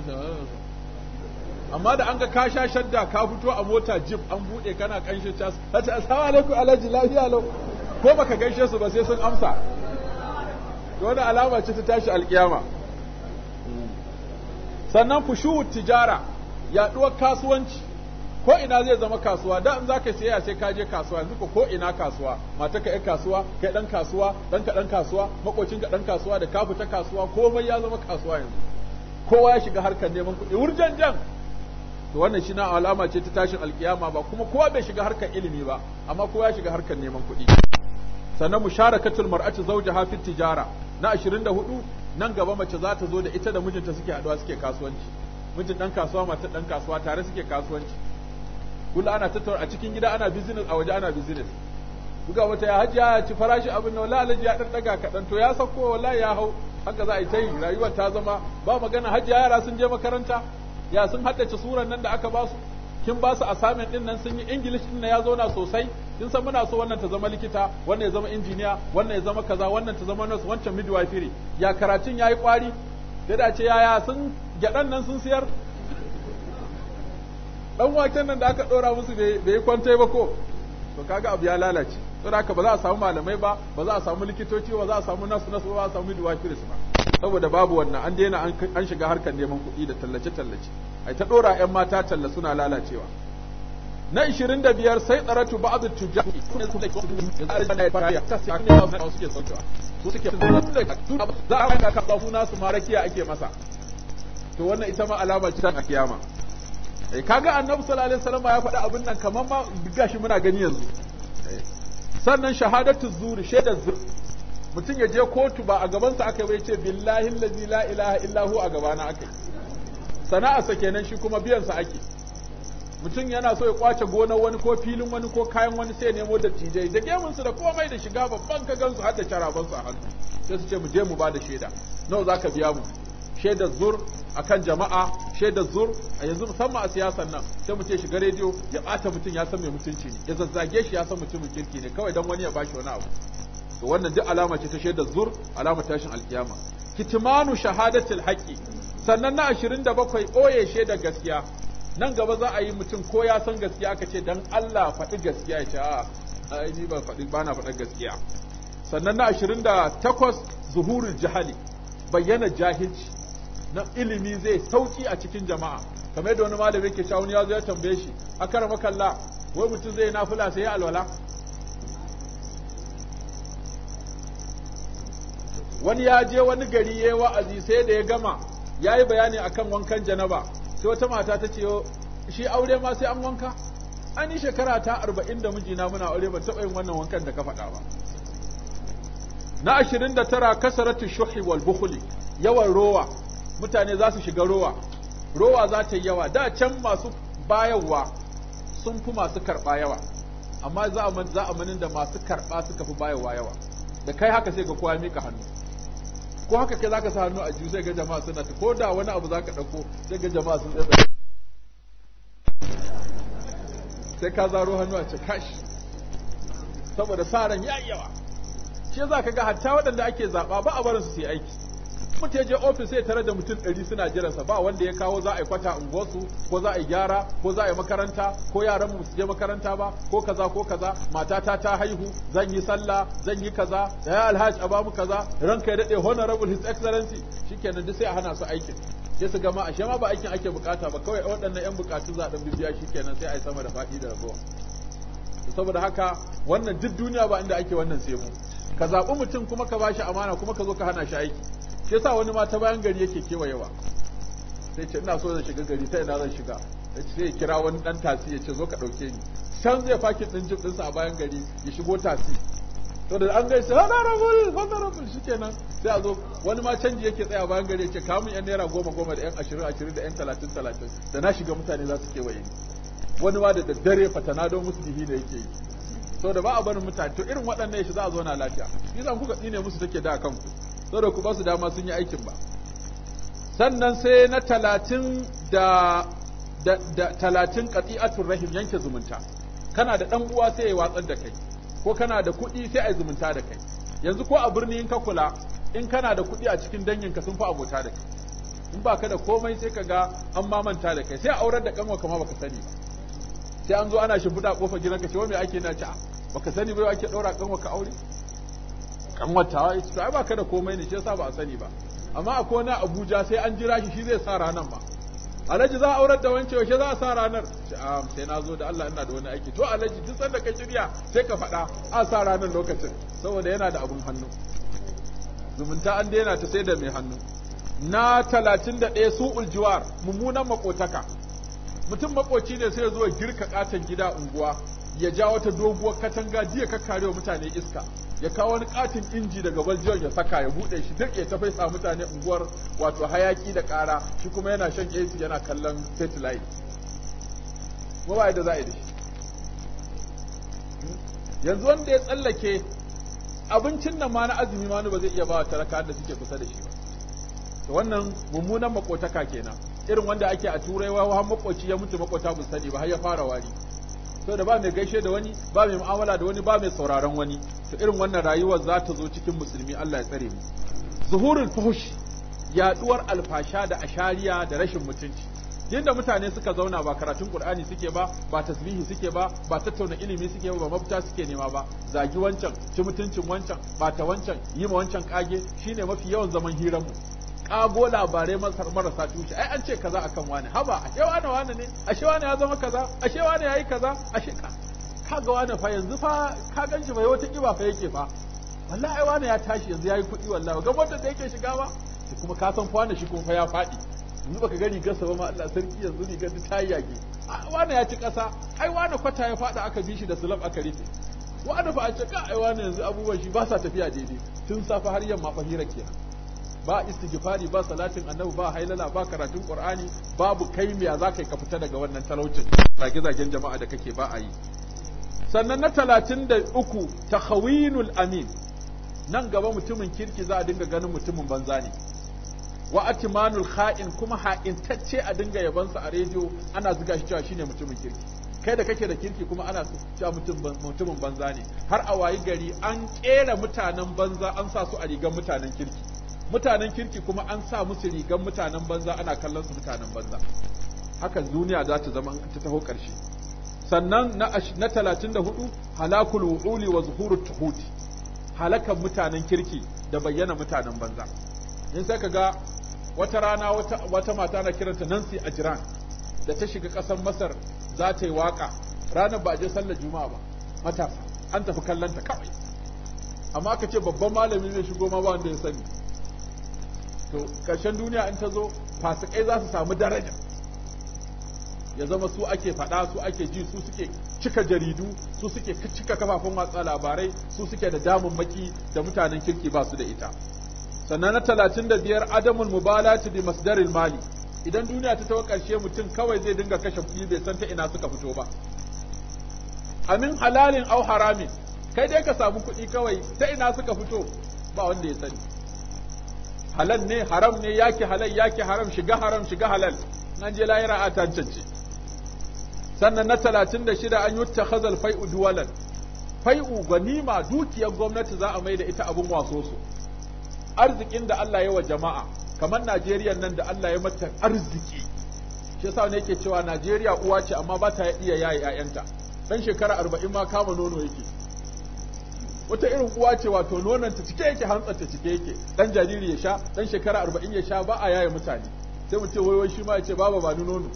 amma da an ga ka sha shadda ka fito a mota jeep an bude kana kanshe cas ka ce assalamu alaikum alhaji lafiya lau ko baka gaishe su ba sai sun amsa to wani alama ce ta tashi alkiyama sannan fushu tijara yaduwar kasuwanci ko ina zai zama kasuwa da in zaka siya sai ka je kasuwa yanzu ko ina kasuwa mata ka yi kasuwa kai dan kasuwa dan ka dan kasuwa makocin ka dan kasuwa da kafu ta kasuwa komai ya zama kasuwa yanzu kowa ya shiga harkar neman kuɗi wurjan jan to wannan shi na alama ce ta tashin alkiyama ba kuma kowa bai shiga harkar ilimi ba amma kowa ya shiga harkar neman kuɗi sannan musharakatul mar'ati zawjaha hafi tijara na 24 nan gaba mace za ta zo da ita da mijinta suke haɗuwa suke kasuwanci mijin ɗan kasuwa mata ɗan kasuwa tare suke kasuwanci kullum ana tattauna a cikin gida ana business a waje ana business buga wata ya hajji ya ci farashi abin nan wallahi alhaji ya dan daga kadan to ya sako wallahi ya hau haka za a yi ta yi rayuwar ta zama ba magana hajji yara sun je makaranta ya sun haddace suran nan da aka ba su kin ba su assignment din nan sun yi english din nan ya zauna sosai kin san muna so wannan ta zama likita wannan ya zama injiniya wannan ya zama kaza wannan ta zama nurse wancan midwifery ya karatun yayi kwari da da ce yaya sun gyadan nan sun siyar dan waken nan da aka dora musu bai kwantai ba ko to kaga abu ya lalace saboda haka ba za a samu malamai ba ba za a samu likitoci ba za a samu nasu nasu ba za a samu duwakiris ba saboda babu wannan an daina an shiga harkar neman kuɗi da tallace tallace ai ta dora ƴan mata talla suna lalacewa na 25 sai tsaratu ba'd tujahi kuma su da su da ta sai kuma su suke sautuwa su suke za a ga ka su nasu marakiya ake masa to wannan ita ma alama ce ta kiyama Eh, kaga annabi sallallahu alaihi wasallam ya faɗi abin nan kamar ma gashi muna gani yanzu eh, sannan shahadatu zuri shaidar zuri mutum ya je kotu ba a gabansa aka bai ce billahi allazi la ilaha illa hu a gabana aka sa kenan shi kuma biyan sa ake mutum yana so ya kwace gonar wani ko filin wani ko kayan wani sai nemo da tijai da gemun su da komai da shiga babban ka gansu har da su a hannu sai su ce mu je mu ba shaida nawa zaka biya mu shaidar zur akan jama'a shaidar zur a yanzu musamman a siyasar nan sai mu ce shiga rediyo ya bata mutum ya san mai mutunci ne ya zazzage shi ya san mutumin kirki ne kawai dan wani ya bashi wani abu to wannan duk alama ce ta shaidar zur alama tashin alkiyama kitmanu shahadatul haqqi sannan na 27 boye shaidar gaskiya nan gaba za a yi mutum ko ya san gaskiya aka ce dan Allah faɗi gaskiya ya ce a ni ba faɗi ba na faɗa gaskiya sannan na 28 zuhurul jahali bayyana jahilci na ilimi zai sauki a cikin jama'a kamar da wani malami yake cewa wani ya zo tambaye shi akara makalla wai mutum zai nafila sai ya alwala wani ya je wani gari yayi wa'azi sai da ya gama yayi bayani akan wankan janaba sai wata mata ta ce shi aure ma sai an wanka an yi shekara ta arba'in da mijina muna aure ba taɓa yin wannan wankan da ka faɗa ba na ashirin da tara kasaratu shuhi wal bukhli yawan rowa mutane za su shiga rowa rowa za ta yi yawa da can masu bayarwa sun fi masu karɓa yawa amma za a manin da masu karɓa suka fi bayarwa yawa da kai haka sai ga kowa mika hannu ko haka kai zaka sa hannu a jiyu sai ga jama'a suna ta ko da wani abu zaka ɗauko sai ga jama'a sun tsaye sai ka zaro hannu a ce saboda sa ran yayi yawa shi za ka ga hatta waɗanda ake zaɓa ba a barin su su yi aiki mutu ya je ofis sai tare da mutum ɗari suna jiransa ba wanda ya kawo za a yi kwata unguwarsu ko za a yi gyara ko za a yi makaranta ko yaran mu su je makaranta ba ko kaza ko kaza matata ta haihu zan yi sallah zan yi kaza da ya alhaji a bamu kaza ranka ya daɗe honorable his excellency shikenan duk sai a hana su aikin sai su gama ashe ma ba aikin ake bukata ba kawai waɗannan yan bukatun zaɓen bibiya shikenan sai a yi sama da faɗi da rabuwa. saboda haka wannan duk duniya ba inda ake wannan sai mu ka zaɓi mutum kuma ka bashi amana kuma ka zo ka hana shi aiki shi yasa wani ma ta bayan gari yake kewayewa sai ce ina so zan shiga gari sai ina zan shiga sai ya kira wani dan tasi ya ce zo ka dauke ni can zai fakin din jib dinsa a bayan gari ya shigo tasi to da an gaisa honorable honorable shikenan sai a zo wani ma canji yake tsaya bayan gari yace kawo yan naira goma goma da yan ashirin ashirin da yan talatin talatin da na shiga mutane za su kewaye ni wani ma da daddare fatana don muslihi da yake yi so da ba a barin mutane to irin waɗannan shi za a zo na lafiya idan kuka tsine musu take da kanku saboda ku ba su dama sun yi aikin ba sannan sai na talatin da da, talatin qati'atul rahim yanke zumunta kana da dan uwa sai ya watsar da kai ko kana da kuɗi sai ai zumunta da kai yanzu ko a birni in ka kula in kana da kuɗi a cikin dangin ka sun fi abota da kai in ba ka da komai sai ka ga an mamanta da kai sai aurar da kanwa kama baka sani ba sai an zo ana shimfiɗa kofar gidanka ce wai me ake na ci baka sani ba ake ɗaura kanwa ka aure kanwatawa ya ce sai ba ka da komai ne shi yasa ba a sani ba amma a wani abuja sai an jira shi shi zai sa ranar ma alhaji za a aurar da wance yaushe za a sa ranar ah, sai na zo da Allah ina da wani aiki to alhaji duk sanda ka shirya sai ka faɗa a sa ranar lokacin saboda yana da abun hannu zumunta an daina ta sai da mai hannu na talatin da ɗaya su uljiwar mummunan makotaka mutum makoci ne sai ya zo girka katon gida unguwa ya ja wata doguwar katanga jiya ka kare wa mutane iska ya kawo wani katin inji daga Belgium ya saka ya bude shi duk ya tafai sa mutane unguwar wato hayaki da kara shi kuma yana shan AC yana kallon satellite kuma ba yadda za a yi da shi yanzu wanda ya tsallake abincin nan ma na azumi ma ba zai iya ba talaka da suke kusa da shi ba to wannan mummunan makotaka kenan irin wanda ake a turai wa har makoci ya mutu makota bu sani ba har ya fara wari saboda ba mai gaishe da wani ba mai mu'amala da wani ba mai sauraron wani to irin wannan rayuwar za ta zo cikin musulmi Allah ya tsare mu zuhurul fuhush yaduwar alfasha da ashariya da rashin mutunci yadda mutane suka zauna ba karatun qur'ani suke ba ba tasbihi suke ba ba tattauna ilimi suke ba ba mafita suke nema ba zagi wancan ci mutuncin wancan ba ta wancan yi ma wancan kage shine mafi yawan zaman hiran mu kago labarai marasa tushe ai an ce kaza akan wani haba ashe wani wani ne ashe wani ya zama kaza ashe wani yayi kaza ashe ka kaga wani fa yanzu fa ka ganci bai wata kiba fa yake fa wallahi wani ya tashi yanzu yayi kuɗi wallahi ga motar da yake shiga ba sai kuma ka san fa shi kuma fa ya faɗi yanzu baka gani gasa ba ma Allah sarki yanzu rigar ta yage wani ya ci ƙasa ai wani kwata ya faɗa aka bi shi da sulab aka rufe wani fa a ce ka ai wani yanzu abubuwan shi ba sa tafiya daidai tun safe har yamma fa hira kenan ba istighfari ba salatin annabi ba hailala ba karatun qur'ani babu kai me ya zakai ka fita daga wannan talaucin zage-zagen jama'a da kake ba a yi sannan na 33 takhawinul amin nan gaba mutumin kirki za a dinga ganin mutumin banza ne wa atimanul kha'in kuma ha'intacce a dinga yabansa a rediyo ana zuga shi cewa shine mutumin kirki kai da kake da kirki kuma ana cewa mutumin banza ne har a wayi gari an kera mutanen banza an sa su a rigar mutanen kirki mutanen kirki kuma an sa musu rigar mutanen banza ana kallon su mutanen banza haka duniya za ta zama ta taho ƙarshe sannan na talatin da hudu halakul wu'uli wa zuhuru tuhudi halakan mutanen kirki da bayyana mutanen banza in sai ka ga wata rana wata, mata na kiranta Nancy Ajran da ta shiga ƙasar Masar za ta yi waka ranar ba a je sallar juma'a ba matasa an tafi kallon ta kawai amma ka ce babban malami zai shigo ma ba wanda ya sani to ƙarshen duniya in ta zo fasikai za su samu daraja ya zama su ake faɗa su ake ji su suke cika jaridu su suke cika kafafen watsa labarai su suke da maki da mutanen kirki ba su da ita sannan na talatin da biyar adamul mubalati bi masdaril mali idan duniya ta tawa ƙarshe mutum kawai zai dinga kashe kuɗi bai san ta ina suka fito ba amin halalin au haramin kai dai ka samu kuɗi kawai ta ina suka fito ba wanda ya sani halal ne haram ne yake halal yake haram shiga haram shiga halal nan je lahira a tantance sannan na 36 an yutta khazal fai'u duwalan fai'u ganima dukiyar gwamnati za a mai da ita abin waso su arzikin da Allah ya wa jama'a kamar Najeriya nan da Allah ya mata arziki shi yasa ne yake cewa Najeriya uwa ce amma ba ta iya yaya 'ya'yanta dan shekara 40 ma kama nono yake wata irin uwa ce wato nonon ta cike yake ta cike yake dan jariri ya sha dan shekara arba'in ya sha ba a yaye mutane sai mu ce wai wai shi ma ya ce baba ba ni nono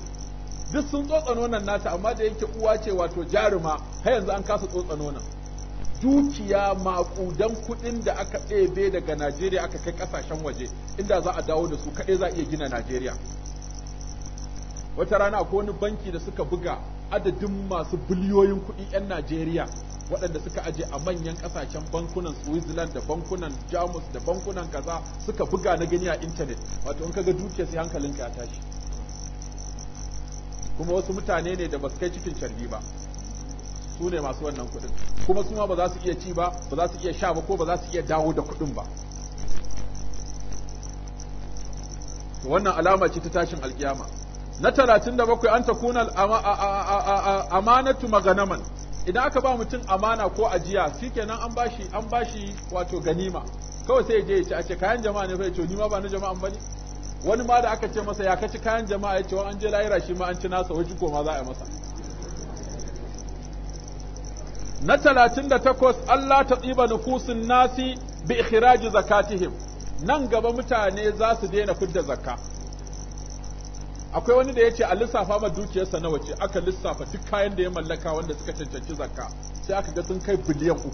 duk sun tsotsa nonon nata amma da yake uwa ce wato jaruma har yanzu an kasa tsotsa nonon dukiya makudan kuɗin da aka ɗebe daga Najeriya aka kai kasashen waje inda za a dawo da su kaɗai za a iya gina Najeriya wata rana akwai wani banki da suka buga adadin masu biliyoyin kuɗi 'yan Najeriya waɗanda suka aje a manyan ƙasashen bankunan switzerland da bankunan jamus da bankunan kaza suka buga na gani a intanet wato in kaga duke sai hankalinka ya tashi kuma wasu mutane ne da basu kai cikin carbi ba su ne masu wannan kuɗin kuma su ma ba za su iya ci ba ba za su iya sha ba ko ba za su iya dawo da kuɗin ba wannan alama ce ta tashin alkiyama na talatin da bakwai an ta kuna amanatu maganaman idan aka ba mutum amana ko ajiya shikenan an bashi an bashi wato ganima kawai sai ya je ya ci a ce kayan jama'a ne fa ya ce ni ma ba na jama'an ne. wani ma da aka ce masa ya kaci kayan jama'a ya ce an je lahira shi ma an ci nasa wajen koma za a yi masa na talatin da takwas Allah ta tsiba nufusin nasi bi ikhiraji zakatihim nan gaba mutane za su daina fidda zakka akwai wani da ya ce a lissafa ma dukiyarsa nawa ce aka lissafa duk kayan da ya mallaka wanda suka cancanci zakka sai aka ga sun kai biliyan uku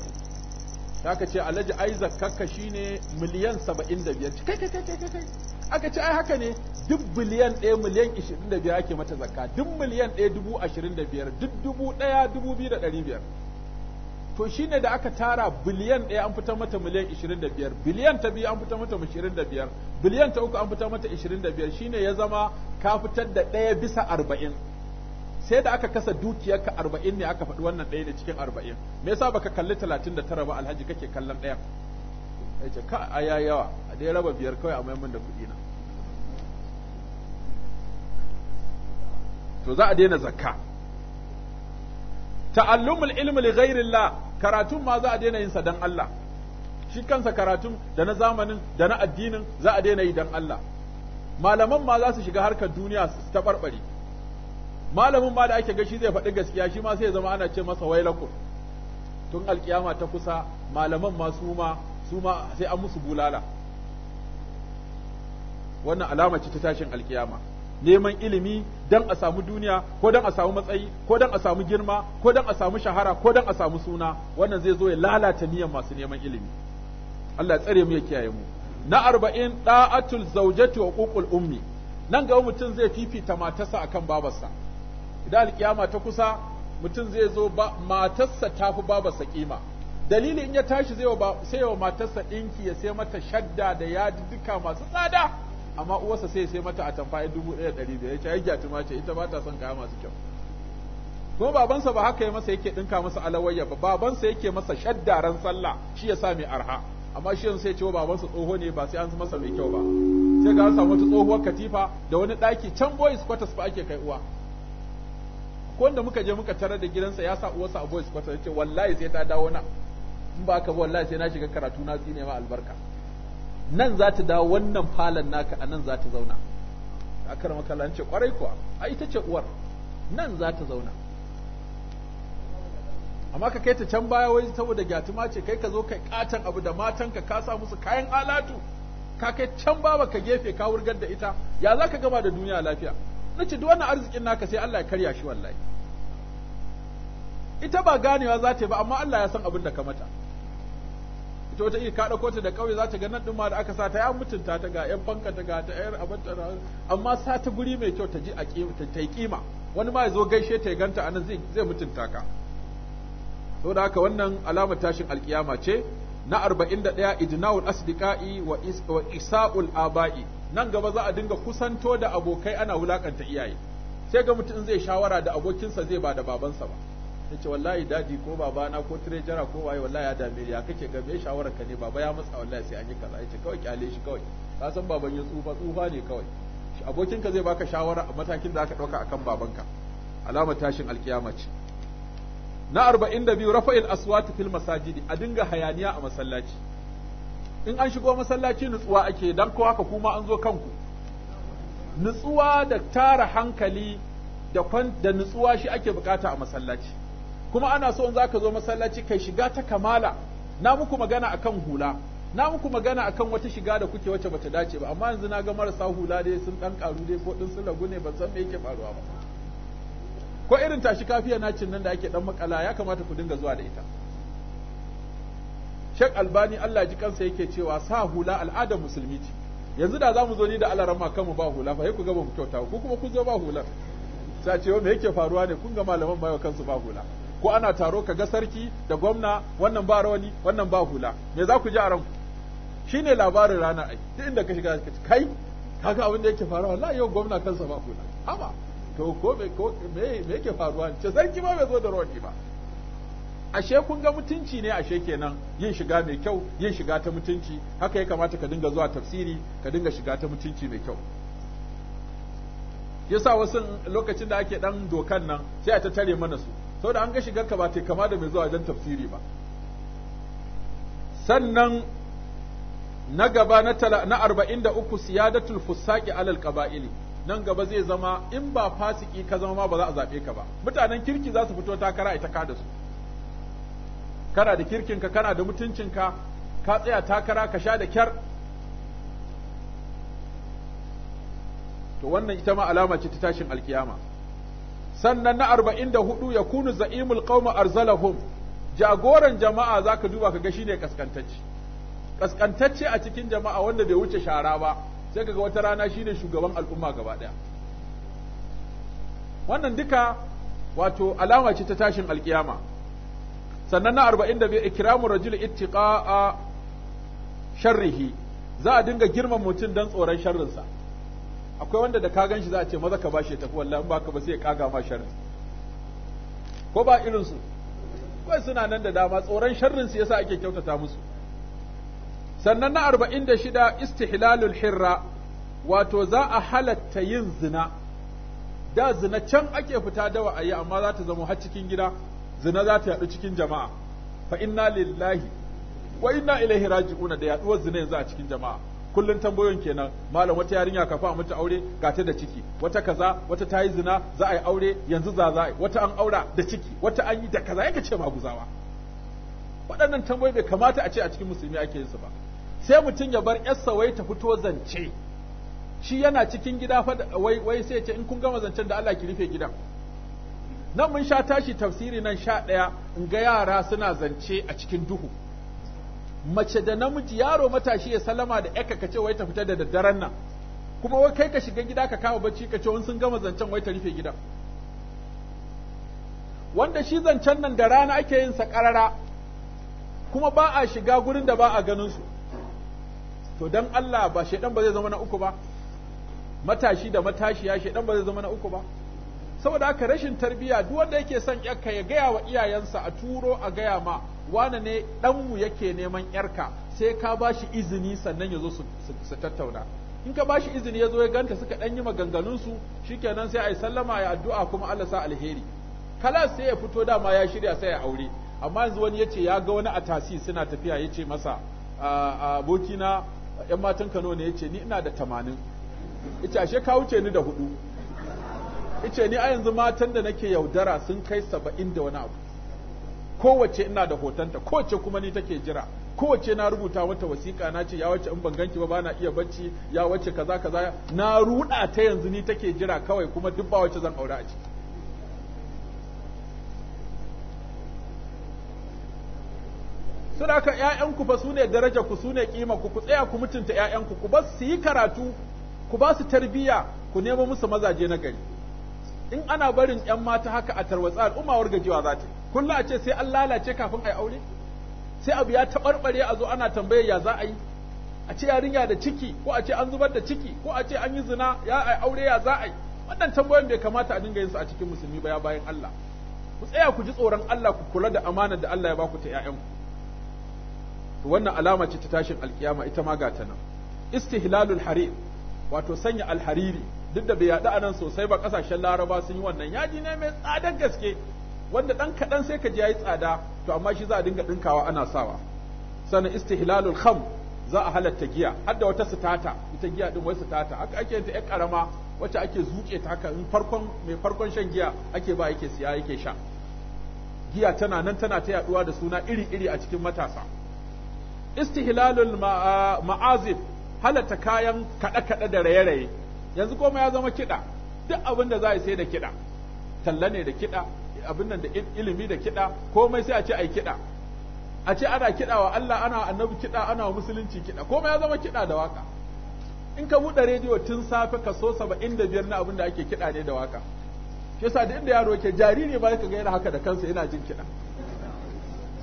aka ce alhaji ai zakkarka shine miliyan saba'in da biyar kai kai kai kai kai aka ce ai haka ne duk biliyan ɗaya miliyan ishirin da biyar ake mata zakka duk miliyan ɗaya dubu ashirin da biyar duk dubu ɗaya dubu biyu da ɗari biyar to shi ne da aka tara biliyan ɗaya an fitar mata miliyan 25 biliyan ta biyu an fitar mata 25 biliyan ta uku an fitar mata 25 ne ya zama ka fitar da ɗaya bisa 40 sai da aka kasa dukiyarka 40 ne aka faɗi wannan ɗaya ne cikin 40 me yasa baka kalli 39 ba alhaji kake kallon ɗaya yace ka a ya yawa a dai raba biyar kawai a maimun da kuɗi na to za a daina zakka ta'allumul ilmi li ghairillah karatun ma za a daina yin sa dan Allah shi kansa karatun da na zamanin da na addinin za a daina yi dan Allah malaman ma za su shiga harkar duniya su taɓarɓare malamin ma da ake ga shi zai faɗi gaskiya shi ma sai zama ana ce masa wailakum tun alkiyama ta kusa malaman ma su ma su ma sai an musu bulala wannan alama ce ta tashin alkiyama neman ilimi dan a samu duniya ko dan a samu matsayi ko dan a samu girma ko dan a samu shahara ko dan a samu suna wannan zai zo ya lalata niyyar masu neman ilimi Allah tsare mu ya kiyaye mu na arba'in da'atul zaujati wa uqul ummi nan ga mutum zai fifita matarsa akan babarsa idan alkiyama ta kusa mutum zai zo ba matarsa tafi babarsa kima dalili in ya tashi zai wa sai wa matarsa dinki ya sai mata shadda da yadi duka masu tsada amma uwarsa sai sai mata a tamfa ya dubu ɗaya ɗari biyar ya ce gyatu ce ita ba ta son kaya masu kyau ko babansa ba haka ya masa yake ɗinka masa alawayya ba babansa yake masa shaddaran sallah shi ya sa mai arha amma shi yanzu sai ce babansa tsoho ne ba sai an masa mai kyau ba sai ga an samu wata tsohuwar katifa da wani ɗaki can boys quarters ba ake kai uwa ko wanda muka je muka tarar da gidansa ya sa uwarsa a boys quarters ya ce wallahi sai ta dawo na in ba ka wallahi sai na shiga karatu na tsine ma albarka nan za ta dawo wannan falon naka a nan za ta zauna akar makalla ce kwarai kuwa a ita ce uwar nan za ta zauna amma ka kai ta can baya wai saboda gyatuma ce kai ka zo kai katan abu da matanka ka sa musu kayan alatu ka kai can baba ka gefe ka wurgar da ita ya za ka gama da duniya lafiya na ce duk wannan arzikin naka sai Allah ya karya shi wallahi ita ba ganewa za ta yi ba amma Allah ya san abin da ka mata ita wata iya kaɗa da ƙauye za ta ga nan din ma da aka sa ta ya mutunta ta ga yan fanka ta ga ta yar abanta amma sa ta guri mai kyau ta ji a ta yi kima wani ma ya zo gaishe ta ya ganta anan zai zai mutunta ka da haka wannan alamar tashin alƙiyama ce na arba'in da 41 idnaul asdiqai wa isaul abai nan gaba za a dinga kusanto da abokai ana wulakanta iyaye sai ga mutum zai shawara da abokinsa zai ba da babansa ba ce wallahi dadi ko babana ko tirejara ko waye wallahi ya dame ya kake ga me shawarar ka ne baba ya matsa wallahi sai an yi kaza yace kawai kyale shi kawai ka san baban ya tsufa tsufa ne kawai abokinka zai baka shawara a matakin da aka dauka akan babanka alamar tashin alkiyama ce na 42 rafa'il aswati fil masajidi a dinga hayaniya a masallaci in an shigo masallaci nutsuwa ake dan ko haka kuma an zo kanku nutsuwa da tara hankali da nutsuwa shi ake bukata a masallaci kuma ana so in zaka zo masallaci kai shiga ta kamala na muku magana akan hula na muku magana akan wata shiga da kuke wace bata dace ba amma yanzu na ga marasa hula dai sun dan karu dai ko din sun lagu ne ban san me yake faruwa ba ko irin tashi kafiya na cin nan da ake dan makala ya kamata ku dinga zuwa da ita Sheikh Albani Allah ji kansa yake cewa sa hula al'adar musulmi ce yanzu da zamu zo ni da Allah rama kanmu ba hula fa ku ga ba mu kyauta ku kuma ku zo ba hula sai ce me yake faruwa ne kun ga malaman bayo kansu ba hula ko ana taro ka ga sarki da gwamna wannan ba rawani wannan ba hula me za ku ji a ranku shine labarin rana ai duk inda ka shiga ka kai kaga abin da yake faruwa wallahi yau gwamna kansa ba hula haba to ko me ko me me yake faruwa ce sarki ma bai zo da rawani ba ashe kun ga mutunci ne ashe kenan yin shiga mai kyau yin shiga ta mutunci haka ya kamata ka dinga zuwa tafsiri ka dinga shiga ta mutunci mai kyau yasa wasu lokacin da ake dan dokan nan sai a ta tare mana su da an ga shigar ka ba ta kama da mai zuwa wajen tafsiri ba sannan na gaba na tala na uku siyadatul fusaki alal qaba'ili nan gaba zai zama in ba fasiki ka zama ma ba za a zaɓe ka ba mutanen kirki za su fito takara ita ka da su kana da kirkinka kana da mutuncinka ka tsaya takara ka sha da kyar to wannan ita ma alama ce ta tashin alkiyama sannan na arba'in da hudu ya kunu za'imul qauma arzalahum jagoran jama'a za ka duba ka kaga shine kaskantacce kaskantacce a cikin jama'a wanda bai wuce shara ba sai ka ga wata rana shine shugaban al'umma gaba daya wannan duka wato alama ce ta tashin alkiyama sannan na arba'in da biyu ikramu rajul ittiqa sharrihi za a dinga girman mutum don tsoron sharrinsa akwai wanda da ka ganshi za a ce maza ka bashi ya tafi wallahi in ka ba sai ya kaga ma sharri ko ba irin su kai suna nan da dama tsoron sharrin su yasa ake kyautata musu sannan na 46 istihlalul hirra wato za a halatta yin zina da zina can ake fita dawa a yi amma za ta zama har cikin gida zina za ta yadu cikin jama'a fa inna lillahi wa inna ilaihi raji'una da yaduwar zina yanzu a cikin jama'a kullun tambayoyin kenan malam wata yarinya kafa a mata aure ga ta da ciki wata kaza wata tayi zina za a yi aure yanzu za za wata an aura da ciki wata an yi da kaza yake ce maguzawa waɗannan tambayoyi bai kamata a ce a cikin musulmi ake yin su ba sai mutum ya bar yarsa wai ta fito zance shi yana cikin gida fa wai wai sai ya ce in kun gama zancen da Allah ki rufe gidan nan mun sha tashi tafsiri nan sha ɗaya in ga yara suna zance a cikin duhu mace da namiji yaro matashi ya salama da ƴaka ka ce wai ta fita da daddaren nan kuma wai kai ka shiga gida ka kama bacci ka ce wani sun gama zancen wai ta rufe gida. wanda shi zancen nan da rana ake yin sa ƙarara kuma ba a shiga gurin da ba a ganin su to dan Allah ba shedan ba zai zama na uku ba matashi da matashiya shedan ba zai zama na uku ba saboda haka rashin tarbiya duk wanda yake son yarka ya gaya wa iyayensa a turo a gaya ma wane ne ɗanmu yake neman yarka sai ka ba shi izini sannan ya zo su tattauna in ka ba shi izini ya zo ya ganta suka ɗan yi maganganunsu kenan sai a yi sallama ya addu'a kuma Allah sa alheri kala sai ya fito dama ya shirya sai ya aure amma yanzu wani ya ce ya ga wani a tasi suna tafiya ya ce masa abokina ‘yan matan Kano ne ya ce ni ina da tamanin, ita ashe ka wuce ni da hudu, yace ni a yanzu matan da nake yaudara sun kai saba'in da wani abu kowace ina da hotonta kowace kuma ni take jira kowace na rubuta wata wasiƙa na ce ya wace in ban ganki ba bana iya bacci ya wace kaza kaza na ruɗa ta yanzu ni take jira kawai kuma duk ba wace zan aure a ciki suna ka ‘ya'yanku fa su ne daraja ku su ne ƙima ku ku tsaya ku mutunta ‘ya'yanku ku ba su yi karatu ku ba su tarbiyya ku nemo musu mazaje na gari in ana barin ‘yan mata haka a tarwatsa al'umma wargajewa za ta kullum a ce sai an lalace kafin a yi aure sai abu ya taɓarɓare a zo ana tambayar ya za a yi a ce yarinya da ciki ko a ce an zubar da ciki ko a ce an yi zina ya a aure ya za a yi wannan tambayoyin bai kamata a dinga yin su a cikin musulmi ba ya bayan Allah ku tsaya ku ji tsoron Allah ku kula da amanar da Allah ya baku ta 'ya'yanku. to wannan alama ce ta tashin alkiyama ita ma ga ta nan istihlalul harir wato sanya alhariri duk da bai yaɗu a nan sosai ba ƙasashen laraba sun yi wannan yaji ne mai tsadar gaske wanda ɗan kaɗan sai ka ji ya yi tsada to amma shi za a dinga ɗinkawa ana sawa sannan istihlalul kham za a halatta giya har da wata sitata ita giya din wai sitata haka ake yin ta ƴar ƙarama wacce ake zuƙe ta haka in farkon mai farkon shan giya ake ba yake siya yake sha giya tana nan tana ta yaɗuwa da suna iri-iri a cikin matasa istihlalul ma'azib halatta kayan kaɗe-kaɗe da raye-raye yanzu koma ya zama kiɗa duk abin da za a sai da kiɗa talla ne da kiɗa abin nan da ilimi da kiɗa komai sai a ce ai kiɗa a ce ana kiɗa wa Allah ana annabi kiɗa ana wa musulunci kiɗa komai ya zama kiɗa da waka in ka buɗe rediyo tun safe kaso saba'in da biyar na abin da ake kiɗa ne da waka shi yasa da inda yaro yake jariri ba ka ga yana haka da kansa yana jin kiɗa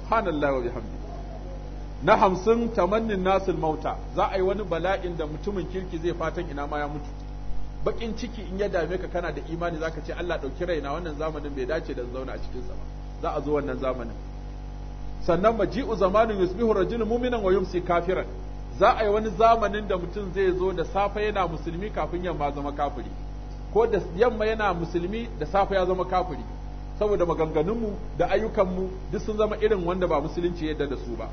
subhanallahi wa bihamdi na hamsin tamannin nasul mauta za a yi wani bala'in da mutumin kirki zai fatan ina ma ya mutu bakin ciki in ya dame ka kana da imani zaka ce Allah dauki raina wannan zamanin bai dace da zauna a cikin sa ba za a zo wannan zamanin sannan maji'u zamanin yusbihu rajulun mu'minan wa yumsi kafiran za a yi wani zamanin da mutum zai zo da safe yana musulmi kafin yamma zama kafiri ko da yamma yana musulmi da safe ya zama kafiri saboda maganganunmu da ayyukanmu duk sun zama irin wanda ba musulunci yadda da su ba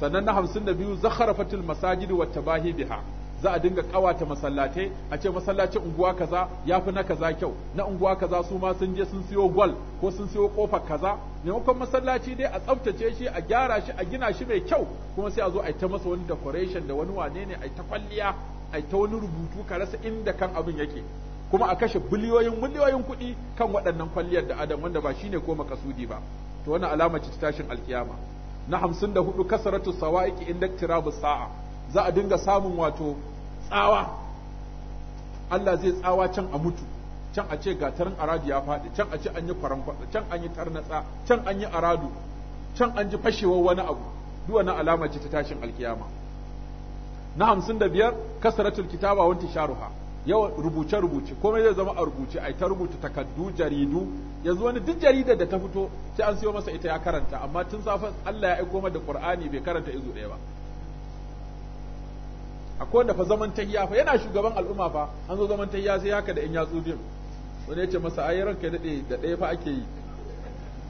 sannan na hamsin da biyu zakharafatul masajidi wa tabahi biha za a dinga kawata masallatai a ce masallacin unguwa kaza ya fi na kaza kyau na unguwa kaza su ma sun je sun siyo gwal ko sun siyo kofar kaza maimakon masallaci dai a tsaftace shi a gyara shi a gina shi mai kyau kuma sai a zo a ta masa wani decoration da wani wane ne a ta kwalliya a ta wani rubutu ka rasa inda kan abin yake kuma a kashe biliyoyin miliyoyin kuɗi kan waɗannan kwalliyar da adam wanda ba shine ko makasudi ba to wannan alama ce tashin alkiyama na 54 kasaratu sawaiki inda tirabu sa'a za a dinga samun wato tsawa Allah zai tsawa can a mutu can a ce gatarin aradu ya faɗi can a ce an yi kwarankwatsa can an yi tarnatsa can an yi aradu can an ji fashewar wani abu duk wani alama ce ta tashin alkiyama na hamsin da biyar kasaratul kitaba wa intisharuha yawan rubuce rubuce komai zai zama a rubuce ai ta rubuta takaddu jaridu yanzu wani duk jarida da ta fito sai an siyo masa ita ya karanta amma tun safe Allah ya aiko mata da Qur'ani bai karanta izu ɗaya ba akwai wanda fa zaman tahiya fa yana shugaban al'umma fa an zo zaman tahiya sai haka da in yatsu biyu wani ya ce masa ayi ranka daɗe da ɗaya fa ake yi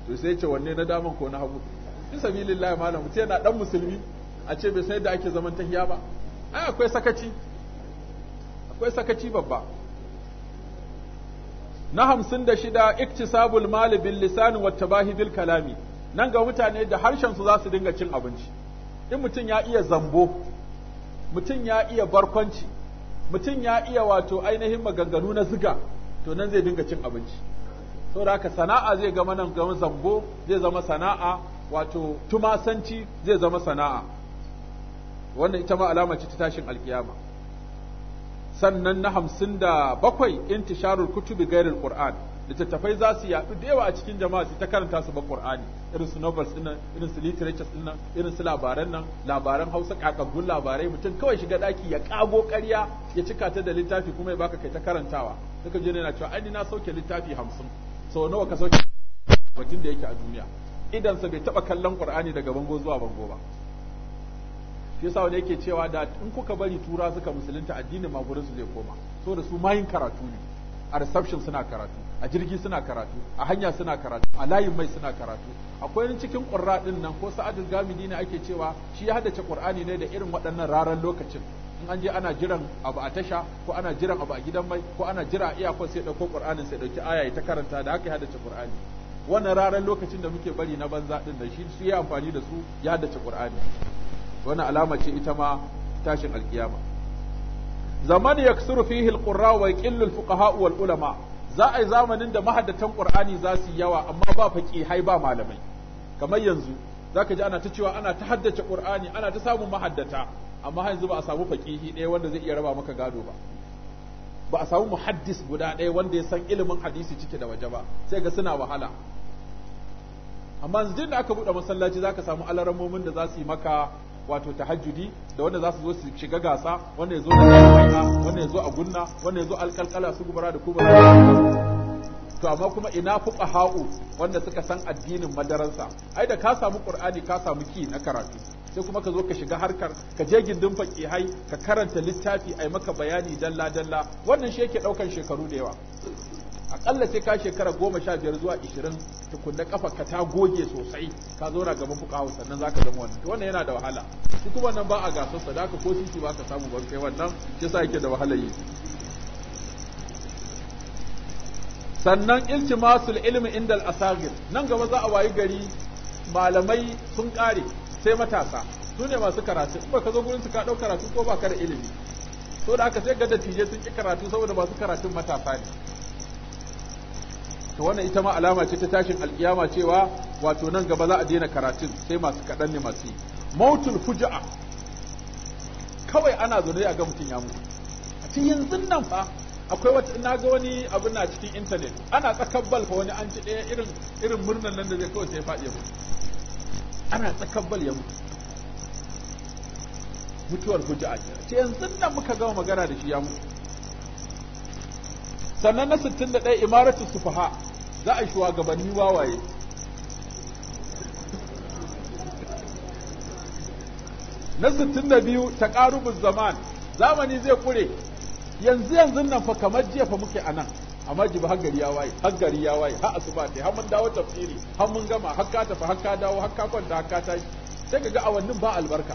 to sai ce wanne na daman ko na hagu fi sabilillah malam mutum yana dan musulmi a ce bai san yadda ake zaman tahiya ba ai akwai sakaci akwai sakaci babba na hamsin da shida iktisabul mali bil lisani wa tabahi bil kalami nan ga mutane da harshen su za su dinga cin abinci in mutum ya iya zambo mutum ya iya barkwanci mutum ya iya wato ainihin maganganu na ziga to nan zai dinga cin abinci saboda haka sana'a zai gama nan gama zambo zai zama sana'a wato tumasanci zai zama sana'a wannan ita ma alama ce ta tashin alkiyama sannan na hamsin da bakwai intisharul kutubi gairul qur'an littattafai za su yaɗu da yawa a cikin jama'a su ta karanta su ba Qur'ani irin su novels din nan irin su literatures din nan irin su labaran nan labaran Hausa kakaggun labarai mutum kawai shiga daki ya kago karya ya cika ta da littafi kuma ya baka kai ta karantawa suka je yana cewa ai na sauke littafi hamsin. Sau nawa ka sauke mutum da yake a duniya idan sa bai taba kallon Qur'ani daga bango zuwa bango ba shi yasa wani yake cewa da in kuka bari tura suka musulunta addinin ma gurin su zai koma so da su mayin karatu ne a reception suna karatu a jirgi suna karatu a hanya suna karatu a layin mai suna karatu akwai cikin ƙurra ɗin nan ko sa'adul gamidi ne ake cewa shi ya haddace ƙur'ani ne da irin waɗannan raran lokacin in an je ana jiran abu a tasha ko ana jiran abu a gidan mai ko ana jira a iyakon sai ɗauko ƙur'anin sai ɗauki aya ta karanta da haka ya haddace ƙur'ani wannan raran lokacin da muke bari na banza ɗin da shi su yi amfani da su ya haddace ƙur'ani wannan alama ce ita ma tashin alkiyama zaman yaksuru fihi alqurra wa ƙillul fuƙaha wal ulama za a yi zamanin da mahaddatan ƙur'ani za su yi yawa amma ba faƙi hai ba malamai kamar yanzu za ka ji ana ta cewa ana ta haddace qur'ani ana ta samun mahaddata amma har yanzu ba a samu faƙihi ɗaya wanda zai iya raba maka gado ba ba a samu muhaddis guda ɗaya wanda ya san ilimin hadisi cike da waje ba sai ga suna wahala amma yanzu da aka buɗe masallaci za zaka samu alarammomin da za su yi maka wato tahajjudi da wanda za su zo su shiga gasa wanda ya zo da kaina wanda ya zo a gunna wanda ya zo alƙalƙala su gubara da kubara to amma kuma ina ha'u wanda suka san addinin madaransa ai da ka samu qur'ani ka samu ki na karatu sai kuma ka zo ka shiga harkar ka je gindin hai ka karanta littafi ai maka bayani dalla dalla wannan shi yake ɗaukan shekaru da yawa akalla sai ka shekara goma sha biyar zuwa ishirin tukunna kafa ka ta goge sosai ka zauna ga fukahu sannan za ka zama wannan to wannan yana da wahala shi kuma nan ba a gasarsa da aka ko ciki ba ka samu ban kai wannan shi sa yake da wahalar yi sannan iltimasul ilmi indal asagir nan gaba za a wayi gari malamai sun kare sai matasa su ne masu karatu in ka zo gurin su ka dau karatu ko baka da ilimi to da aka sai ga dattijai sun ki karatu saboda masu karatun matasa ne to wannan ita ma alama ce ta tashin alkiyama cewa wato nan gaba za a daina karatun sai masu kaɗan ne masu yi mautul fuja'a kawai ana zo a ga mutum ya mutu a cikin yanzu nan fa akwai wata ina ga wani abu na cikin intanet ana tsakan bal fa wani an ci ɗaya irin irin murnan nan da zai kawai sai faɗi ya mutu ana tsakan bal ya mutu mutuwar fuja'a ce yanzu nan muka gama magana da shi ya mutu sannan na 61 imaratu sufaha za a shugabanni wawaye na 62 ƙarubin zaman zamani zai kure yanzu yanzu nan fa kamar jiya fa muke anan amma jibi har gari ya waye har gari ya waye har asuba ta har mun dawo tafsiri har mun gama har ka tafi har ka dawo har ka kwanta har ka tashi sai ga awannin ba albarka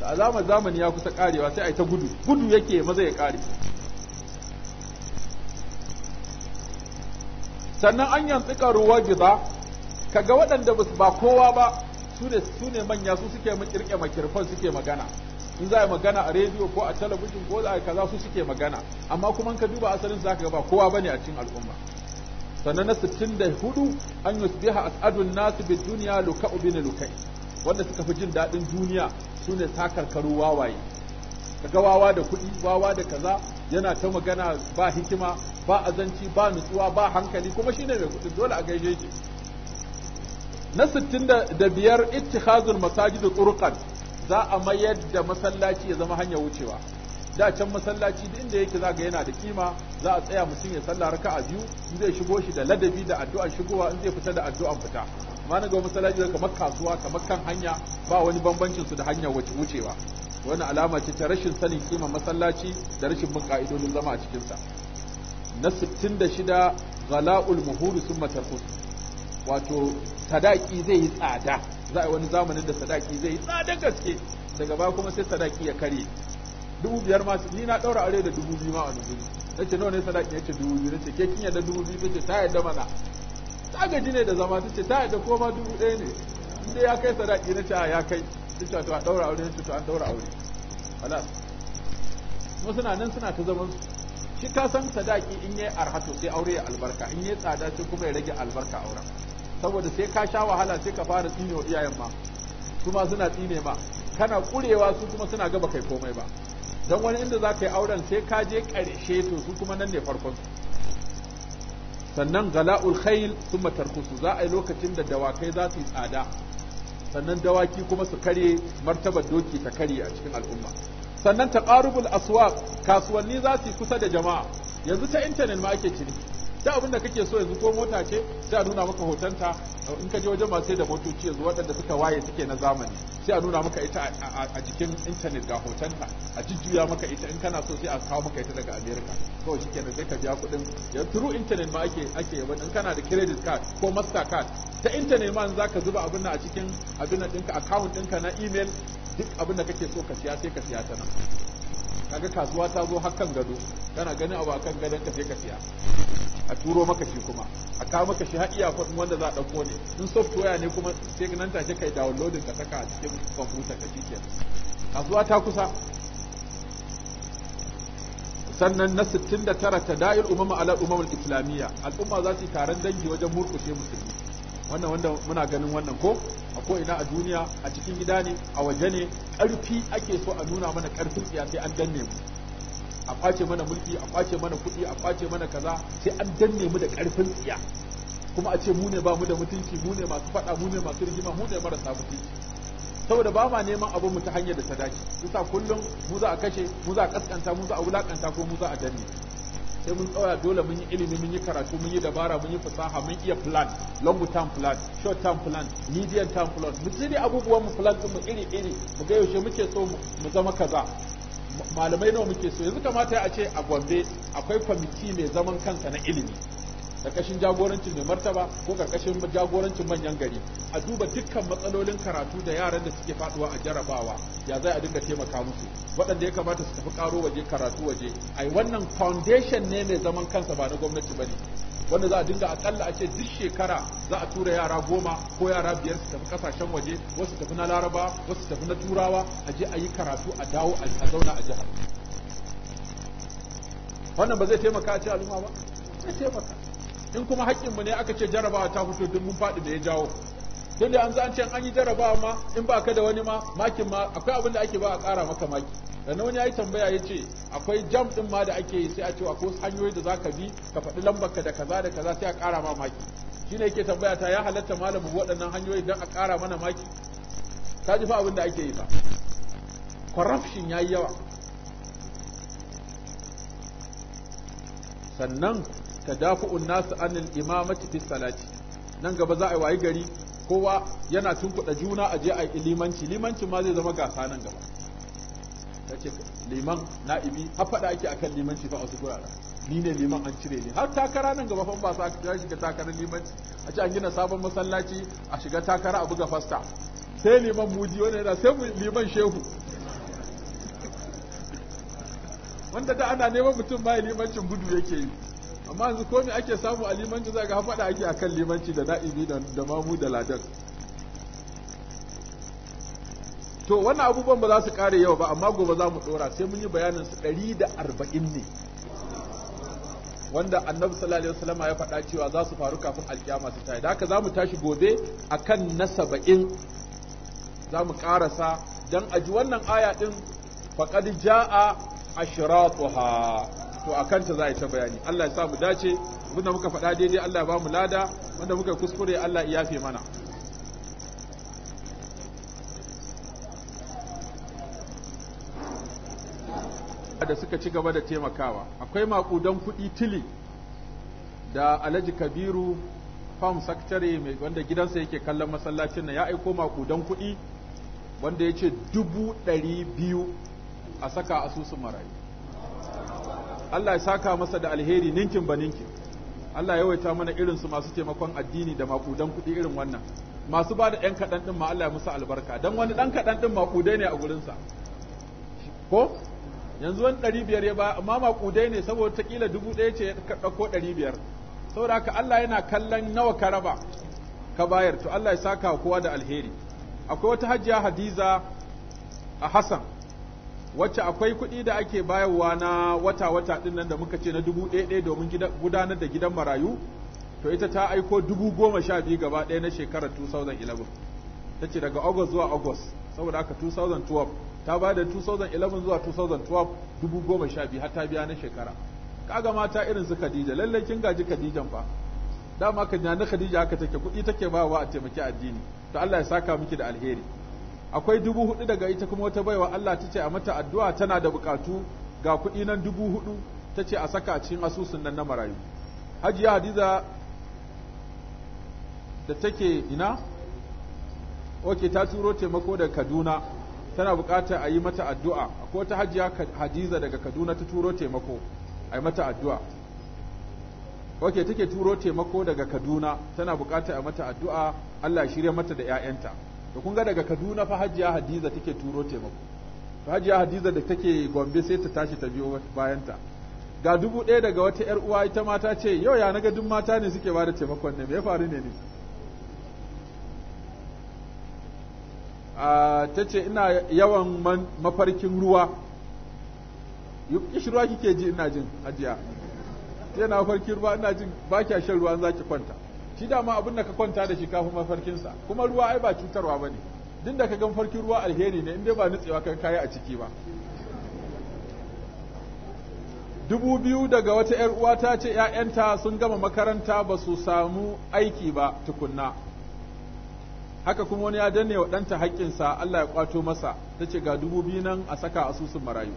da alama zamani ya kusa karewa sai a yi ta gudu gudu yake maza ya kare sannan an yanzu ruwa gida kaga waɗanda ba kowa ba su ne su ne manya su suke mu kirke makirfan suke magana in za a magana a rediyo ko a talabijin ko za a kaza su suke magana amma kuma ka duba asalin zaka ga ba kowa bane a cikin al'umma sannan na 64 an yusbiha as'adun nasu bi dunya luka'u bin lukai wanda suka fi jin daɗin duniya su ne sakarkaru wawaye kaga wawa da kuɗi wawa da kaza yana ta magana ba hikima ba azanci ba nutsuwa ba hankali kuma shine mai kudin dole a gaishe shi na 65 ittihazul masajidu turqan za a mayar da masallaci ya zama hanyar wucewa da can masallaci duk inda yake zaga yana da kima za a tsaya mutum ya salla raka'a biyu in zai shigo shi da ladabi da addu'a shigowa in zai fita da addu'an fita amma na ga masallaci kamar kasuwa kamar kan hanya ba wani bambancin su da hanya wucewa wani alama ce ta rashin sanin kima masallaci da rashin bin ka'idodin zama a cikinsa na 66 zala'ul muhuri sun matarku. wato sadaki zai yi tsada za a wani zamanin da sadaki zai yi tsada gaske daga ba kuma sai sadaki ya karye dubu biyar masu ni na daura aure da dubu biyu ma a dubu na ce nawa ne sadaki ya ce dubu biyu na ce ke kin yadda dubu biyu ta ce ta yadda mana ta gaji ne da zama ta ce ta yadda koma ma dubu ɗaya ne inda ya kai sadaki na ce a ya kai duk to a daura aure to an daura aure wala mu suna nan suna ta zaman shi ka san sadaki in yayi arhatu sai aure ya albarka in yayi tsada sai kuma ya rage albarka auren saboda sai ka sha wahala sai ka fara tsinewa iyayen ma su ma suna tsine ma kana kurewa su kuma suna gaba kai komai ba don wani inda za ka yi auren sai ka je karshe to su kuma nan ne farkon sannan gala'ul khayl thumma tarkusu za a yi lokacin da dawakai za su yi tsada sannan dawaki kuma su kare martabar doki ta kare a cikin al'umma sannan ta taqarubul aswaq kasuwanni za su kusa da jama'a yanzu ta intanet ma ake ciniki da abin da kake so yanzu ko mota ce a nuna maka hotonta in ka je wajen masu da motoci yanzu waɗanda suka waye suke na zamani sai a nuna maka ita a jikin intanet ga hotonta a jujjuya maka ita in kana so sai a kawo maka ita daga america kawai shi kenan sai ka biya kuɗin ya turu intanet ma ake ake in kana da credit card ko master card ta intanet ma za ka zuba abin a cikin abin ɗinka account ɗinka na email duk abin da kake so ka siya sai ka siya ta nan kaga kasuwa ta zo hakan gado kana ganin abu a kan gadon ka a turo maka shi kuma a kama maka shi har iya wanda za a ɗauko ne in software ne kuma sai nan take kai downloading ka saka a cikin kwamfuta ka shi ke zuwa ta kusa sannan na 69 da'ir umama ala umamul islamiyya al'umma za su yi taron dangi wajen murkushe musulmi wannan wanda muna ganin wannan ko a ko ina a duniya a cikin gida ne a waje ne ƙarfi ake so a nuna mana ƙarfin siyasai an danne mu a kwace mana mulki a kwace mana kuɗi a kwace mana kaza sai an danne mu da ƙarfin tsiya kuma a ce mu ne ba mu da mutunci mu ne masu faɗa mu ne masu rigima mu ne marasa mutunci saboda ba ma neman abin mu ta hanyar da ta dace yasa kullum mu za a kashe mu za a kaskanta mu za a wulakanta ko mu za a danne sai mun tsaya dole mun yi ilimi mun yi karatu mun yi dabara mun yi fasaha mun iya plan long term plan short term plan medium term plan mu tsiri abubuwan mu plan mu iri iri mu ga yaushe muke so mu zama kaza malamai nawa muke so yanzu kamata a ce a gombe akwai kwamiti mai zaman kansa na ilimi karkashin jagorancin mai martaba ko karkashin jagorancin manyan gari a duba dukkan matsalolin karatu da yaran da suke faduwa a jarabawa ya zai a dinga taimaka musu waɗanda ya kamata su tafi karo waje karatu waje ai wannan foundation ne mai zaman kansa ba na gwamnati ba ne. wanda za a dinga akalla a ce duk shekara za a tura yara goma ko yara biyar su tafi kasashen waje wasu tafi na laraba wasu tafi na turawa a je a yi karatu a dawo a zauna a jihar wannan ba zai taimaka a ce al'umma ba zai taimaka in kuma haƙƙinmu ne aka ce jarabawa ta fito duk mun faɗi da ya jawo sai da an an can an yi jarabawa ma in ba ka da wani ma makin ma akwai abin da ake ba a ƙara maka maki dan wani ya yi tambaya ya ce akwai jam ɗin ma da ake yi sai a ce akwai hanyoyi da zaka bi ka faɗi ka da kaza da kaza sai a ƙara ma maki shine ne yake tambaya ta ya halatta malamin waɗannan hanyoyi dan a ƙara mana maki ta ji fa abin da ake yi fa corruption ya yawa sannan tadafu'un nasu anil imamati fi salati nan gaba za a yi wayi gari kowa yana tunkuɗa juna a je a yi limanci limancin ma zai zama gasa nan gaba ta ce liman na'ibi har faɗa ake akan limanci fa a wasu guraren ni ne liman an cire ni har takara nan gaba fan ba sa ya shiga takarar limanci a ce an gina sabon masallaci a shiga takara a buga fasta sai liman muji wani yana sai liman shehu wanda da ana neman mutum ma limancin gudu yake yi amma yanzu komi ake samu a limanci za ga faɗa ake a kan limanci da na'ibi da mamu da ladan to wannan abubuwan ba za su kare yau ba amma gobe za mu dora sai mun yi bayanin su ɗari da arba'in ne wanda annabi sallallahu alaihi wasallam ya faɗa cewa za su faru kafin alkiyama su tayi da haka za mu tashi gobe akan na 70 za mu karasa a ji wannan aya din faqad jaa ashratuha to a kanta za a yi ta bayani Allah ya sa mu dace wanda muka faɗa daidai Allah ya ba mu lada wanda muka kuskure Allah ya yafe mana da suka ci gaba da taimakawa akwai maƙudan kuɗi tili da alhaji kabiru farm secretary mai wanda gidansa yake kallon masallacin nan ya aiko maƙudan kuɗi wanda ya ce dubu ɗari biyu a saka asusun marayu Allah ya saka masa da alheri ninkin ba ninkin Allah ya yawaita mana irin su masu taimakon addini da makudan kuɗi irin wannan masu ba da ɗan kaɗan ɗin ma Allah ya musu albarka don wani ɗan kaɗan ɗin makudai ne a gurinsa ko yanzu wani ɗari biyar ya ba amma makudai ne saboda ta ƙila dubu ɗaya ce ya ɗauko ɗari biyar saboda haka Allah yana kallon nawa ka raba ka bayar to Allah ya saka kowa da alheri akwai wata hajiya hadiza a Hassan wacce akwai kuɗi da ake bayarwa na wata-wata ɗin nan da muka ce na dubu ɗaya domin gudanar da gidan marayu to ita ta aiko dubu goma sha biyu gaba ɗaya na shekarar 2011 ta ce daga august zuwa august saboda aka 2012 ta ba da 2011 zuwa 2012 dubu goma sha biyu har ta biya na shekara kaga mata irin su khadija lallai kin gaji khadijan fa dama ka na khadija haka take kuɗi take bayarwa a taimaki addini to Allah ya saka miki da alheri akwai dubu hudu daga ita kuma wata baiwa Allah ta ce a mata addu'a tana da bukatu ga kuɗi nan dubu hudu ta ce a saka cikin asusun nan na marayu hajiya hadiza da take ina oke ta turo taimako daga kaduna tana bukatar a yi mata addu'a ko ta hajiya hadiza daga kaduna ta turo taimako a yi mata addu'a oke take turo taimako daga kaduna tana bukatar a mata addu'a allah shirya mata da 'ya'yanta to kun ga daga Kaduna fa Hajiya Hadiza take turo taimako fa Hajiya Hadiza da take Gombe sai ta tashi ta biyo bayan ta ga dubu ɗaya daga wata 'yar uwa ita mata ce yau ya naga duk mata ne suke bada taimakon ne me faru ne ne a ta ce ina yawan mafarkin ruwa kishi ruwa kike ji ina jin Hajiya yana mafarkin ruwa ina jin ba kya shan ruwa za ki kwanta shi dama abin da ka kwanta da shi kafin mafarkinsa kuma ruwa ai ba cutarwa ba ne duk da ka gan farkin ruwa alheri ne inda ba nutsewa ka kayi a ciki ba dubu biyu daga wata ‘yar uwa ta ce ‘ya'yanta sun gama makaranta ba su samu aiki ba tukunna haka kuma wani ya danne wa ɗanta haƙƙinsa Allah ya kwato masa ta ce ga dubu biyu nan a saka asusun marayu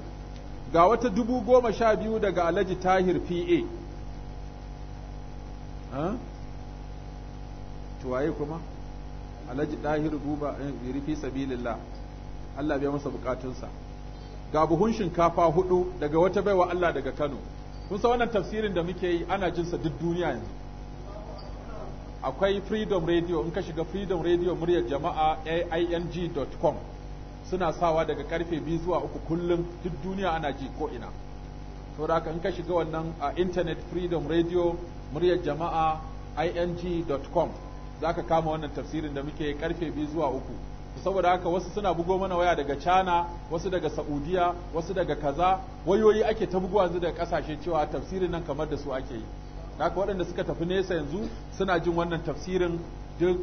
ga wata dubu goma sha biyu daga alhaji tahir pa waye kuma alhaji dahir buba eh, fi sabilillah Allah biya masa bukatunsa ga buhun shinkafa hudu daga wata baiwa Allah daga Kano kun san wannan tafsirin da muke yi ana jinsa duk duniya yanzu akwai freedom radio in ka shiga freedom radio muryar jama'a aing.com suna sawa daga karfe 2 zuwa 3 kullum duk duniya ana ji ko ina saboda haka in ka shiga wannan a internet freedom radio muryar jama'a ing.com Za ka kama wannan tafsirin da muke karfe biyu zuwa uku saboda haka wasu suna bugo mana waya daga China wasu daga Saudiya wasu daga kaza wayoyi ake ta bugowa yanzu daga kasashe cewa tafsirin nan kamar da su ake yi haka waɗanda suka tafi nesa yanzu suna jin wannan tafsirin duk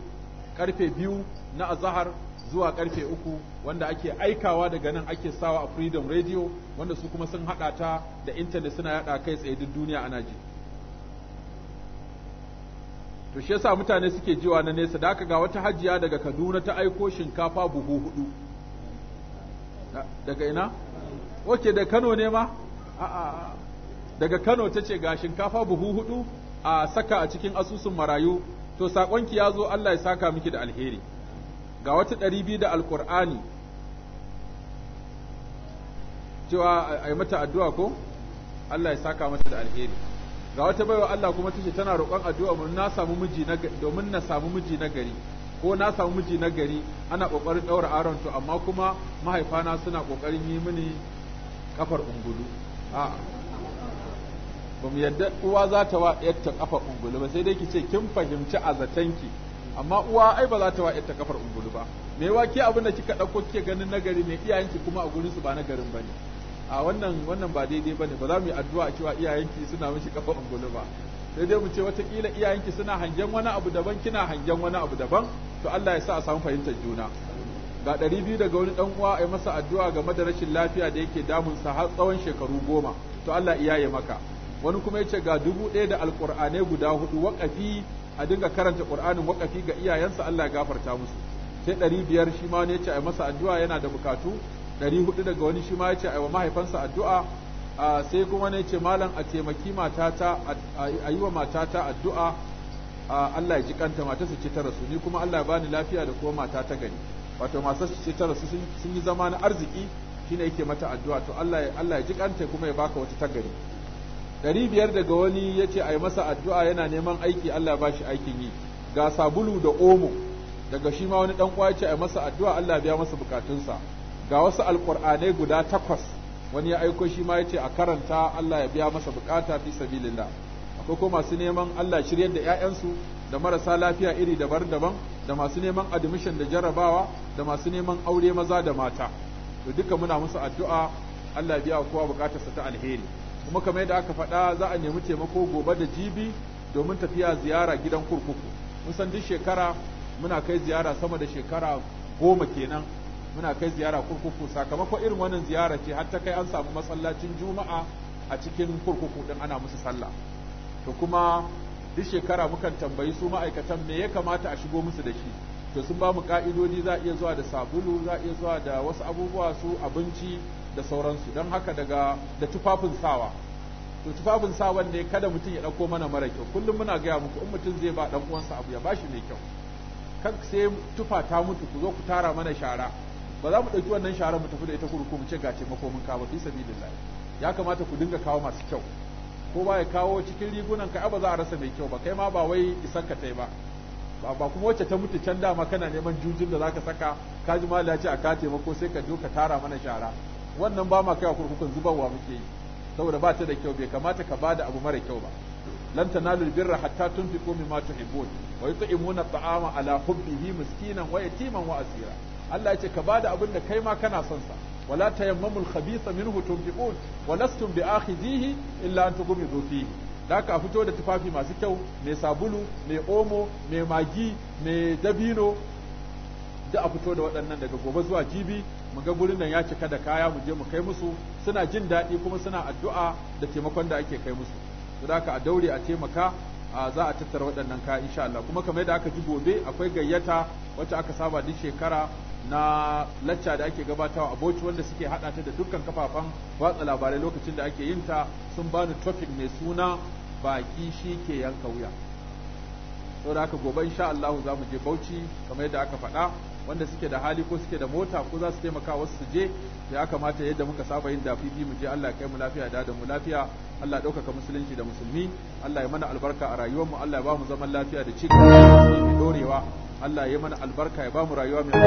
karfe biyu na azahar zuwa karfe uku wanda ake aikawa daga nan ake sawa a freedom radio wanda su kuma sun haɗa ta da intanet suna yaɗa kai tsaye duk duniya a Najeriya. to shi yasa mutane suke jiwa na nesa da aka ga wata hajiya daga Kaduna ta aiko shinkafa buhu hudu daga ina oke da Kano ne ma a'a daga Kano ta ce ga shinkafa buhu hudu a saka a cikin asusun marayu to sakonki ya zo Allah ya saka miki da alheri ga wata ɗari biyu da alkur'ani cewa a yi mata addu'a ko Allah ya saka mata da alheri ga wata baiwa Allah kuma tace tana roƙon addu'a mun na samu miji na domin na samu miji na gari ko na samu miji na gari ana kokarin daura aron to amma kuma mahaifana suna kokarin yi mini kafar ungulu a ba mu yadda uwa za ta wa yatta kafar ungulu ba sai dai ki ce kin fahimci azatanki amma uwa ai ba za ta wa yatta kafar ungulu ba me wa ke abin da kika dauko kike ganin nagari ne iyayenki kuma a gurin su ba nagarin bane a wannan wannan ba daidai ba ne ba za mu yi addu'a cewa iyayenki suna mishi kafa ungulu ba sai dai mu ce watakila iyayenki suna hangen wani abu daban kina hangen wani abu daban to Allah ya sa a samu fahimtar juna ga ɗari biyu daga wani ɗan uwa a yi masa addu'a game da rashin lafiya da yake damunsa har tsawon shekaru goma to Allah iya ya maka wani kuma ya ce ga dubu ɗaya da alƙur'anai guda hudu waƙafi a dinga karanta ƙur'anin waƙafi ga iyayensa Allah ya gafarta musu sai ɗari biyar shi ma ya ce a yi masa addu'a yana da bukatu ɗari hudu daga wani shi ma ya ce wa mahaifansa addu'a sai kuma ne ce malam a taimaki matata a yi wa matata addu'a Allah ya ji kanta matarsa ce ta rasu ni kuma Allah ya bani lafiya da kuma mata ta gani wato masu ce ta rasu sun yi zama na arziki shine yake mata addu'a to Allah ya ji kanta kuma ya baka wata ta gani ɗari biyar daga wani ya ce a yi masa addu'a yana neman aiki Allah ya bashi aikin yi ga sabulu da omo daga shi ma wani ɗan ya ce a yi masa addu'a Allah ya biya masa bukatunsa ga wasu alƙur'anai guda takwas wani ya aiko shi ma ya ce a karanta Allah ya biya masa bukata fi sabilillah akwai ko masu neman Allah shiryar da 'ya'yansu da marasa lafiya iri daban-daban da masu neman admission da jarabawa da masu neman aure maza da mata to duka muna musu addu'a Allah biya kowa bukatarsa ta alheri kuma kamar yadda aka faɗa za a nemi taimako gobe da jibi domin tafiya ziyara gidan kurkuku mun san duk shekara muna kai ziyara sama da shekara goma kenan muna kai ziyara kurkuku sakamakon irin wannan ziyara ce har ta kai an samu masallacin juma'a a cikin kurkuku din ana musu sallah to kuma duk shekara mukan tambayi su ma'aikatan me ya kamata a shigo musu da shi to sun ba mu ka'idodi za a iya zuwa da sabulu za a iya zuwa da wasu abubuwa su abinci da sauransu don haka daga da tufafin sawa to tufafin sawan ne kada mutum ya ɗauko mana mara kyau kullum muna gaya muku in mutum zai ba ɗan uwansa abu ya bashi mai kyau kan sai tufa ta mutu ku zo ku tara mana shara ba za mu ɗauki wannan sharar mu tafi da ita kurkuku mu ce ga taimako mun ba fi sabilillah ya kamata ku dinga kawo masu kyau ko ba ya kawo cikin rigunan ka ba za a rasa mai kyau ba kai ma ba wai isan ka ta yi ba ba kuma wacce ta mutu can dama kana neman jujin da za ka saka ka ji ma ce a ka taimako sai ka jo ka tara mana shara wannan ba ma kai a kurkukun zubarwa muke yi saboda ba ta da kyau bai kamata ka bada abu mara kyau ba lan tanalu birra hatta tunfiqu mimma tuhibbun wa yut'imuna at'ama ala hubbihi miskinan wa yatiman wa asira Allah ya ce ka bada abin da kai ma kana son sa wala tayammamul khabitha minhu tunfiqun wa lastum akhidhihi illa an tughmidu fihi da ka fito da tufafi masu kyau mai sabulu mai omo mai magi mai dabino da a fito da waɗannan daga gobe zuwa jibi mu ga gurin nan ya cika da kaya mu je mu kai musu suna jin daɗi kuma suna addu'a da taimakon da ake kai musu to da a daure a taimaka a za a tattara waɗannan kaya insha Allah kuma kamar yadda aka ji gobe akwai gayyata wacce aka saba duk shekara na lacca da ake gabatawa a Bauchi wanda suke hada ta da dukkan kafafen watsa labarai lokacin da ake yin ta sun bani topic mai suna baki shi ke yanka wuya saboda haka gobe insha Allah za mu je Bauchi kamar yadda aka faɗa wanda suke da hali ko suke da mota ko za su taimaka wasu su je ya kamata yadda muka saba yin dafifi mu je Allah kai mu lafiya da mu lafiya Allah ɗaukaka musulunci da musulmi Allah ya mana albarka a rayuwar mu Allah ya ba mu zaman lafiya da cikin dorewa Allah ya mana albarka ya mu rayuwa mai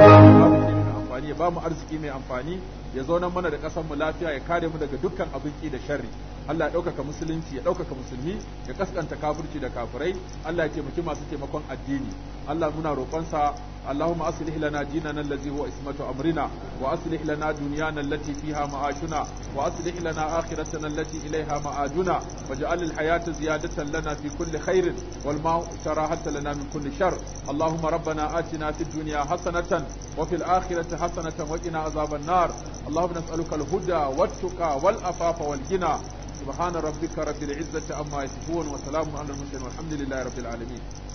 amfani ya bamu ilimi amfani ya bamu arziki mai amfani ya zauna mana da ƙasar mu lafiya ya kare mu daga dukkan abin ki da sharri Allah ya ɗaukaka musulunci ya ɗaukaka musulmi ya kaskanta kafirci da kafirai Allah ya taimaki masu taimakon addini Allah muna roƙonsa اللهم أصلح لنا ديننا الذي هو اسمة أمرنا وأصلح لنا دنيانا التي فيها معاشنا وأصلح لنا آخرتنا التي إليها معادنا واجعل الحياة زيادة لنا في كل خير والماء شراحة لنا من كل شر اللهم ربنا آتنا في الدنيا حسنة وفي الآخرة حسنة وقنا عذاب النار اللهم نسألك الهدى والتقى والأفاف والغنى سبحان ربك رب العزة عما يصفون وسلام على المرسلين والحمد لله رب العالمين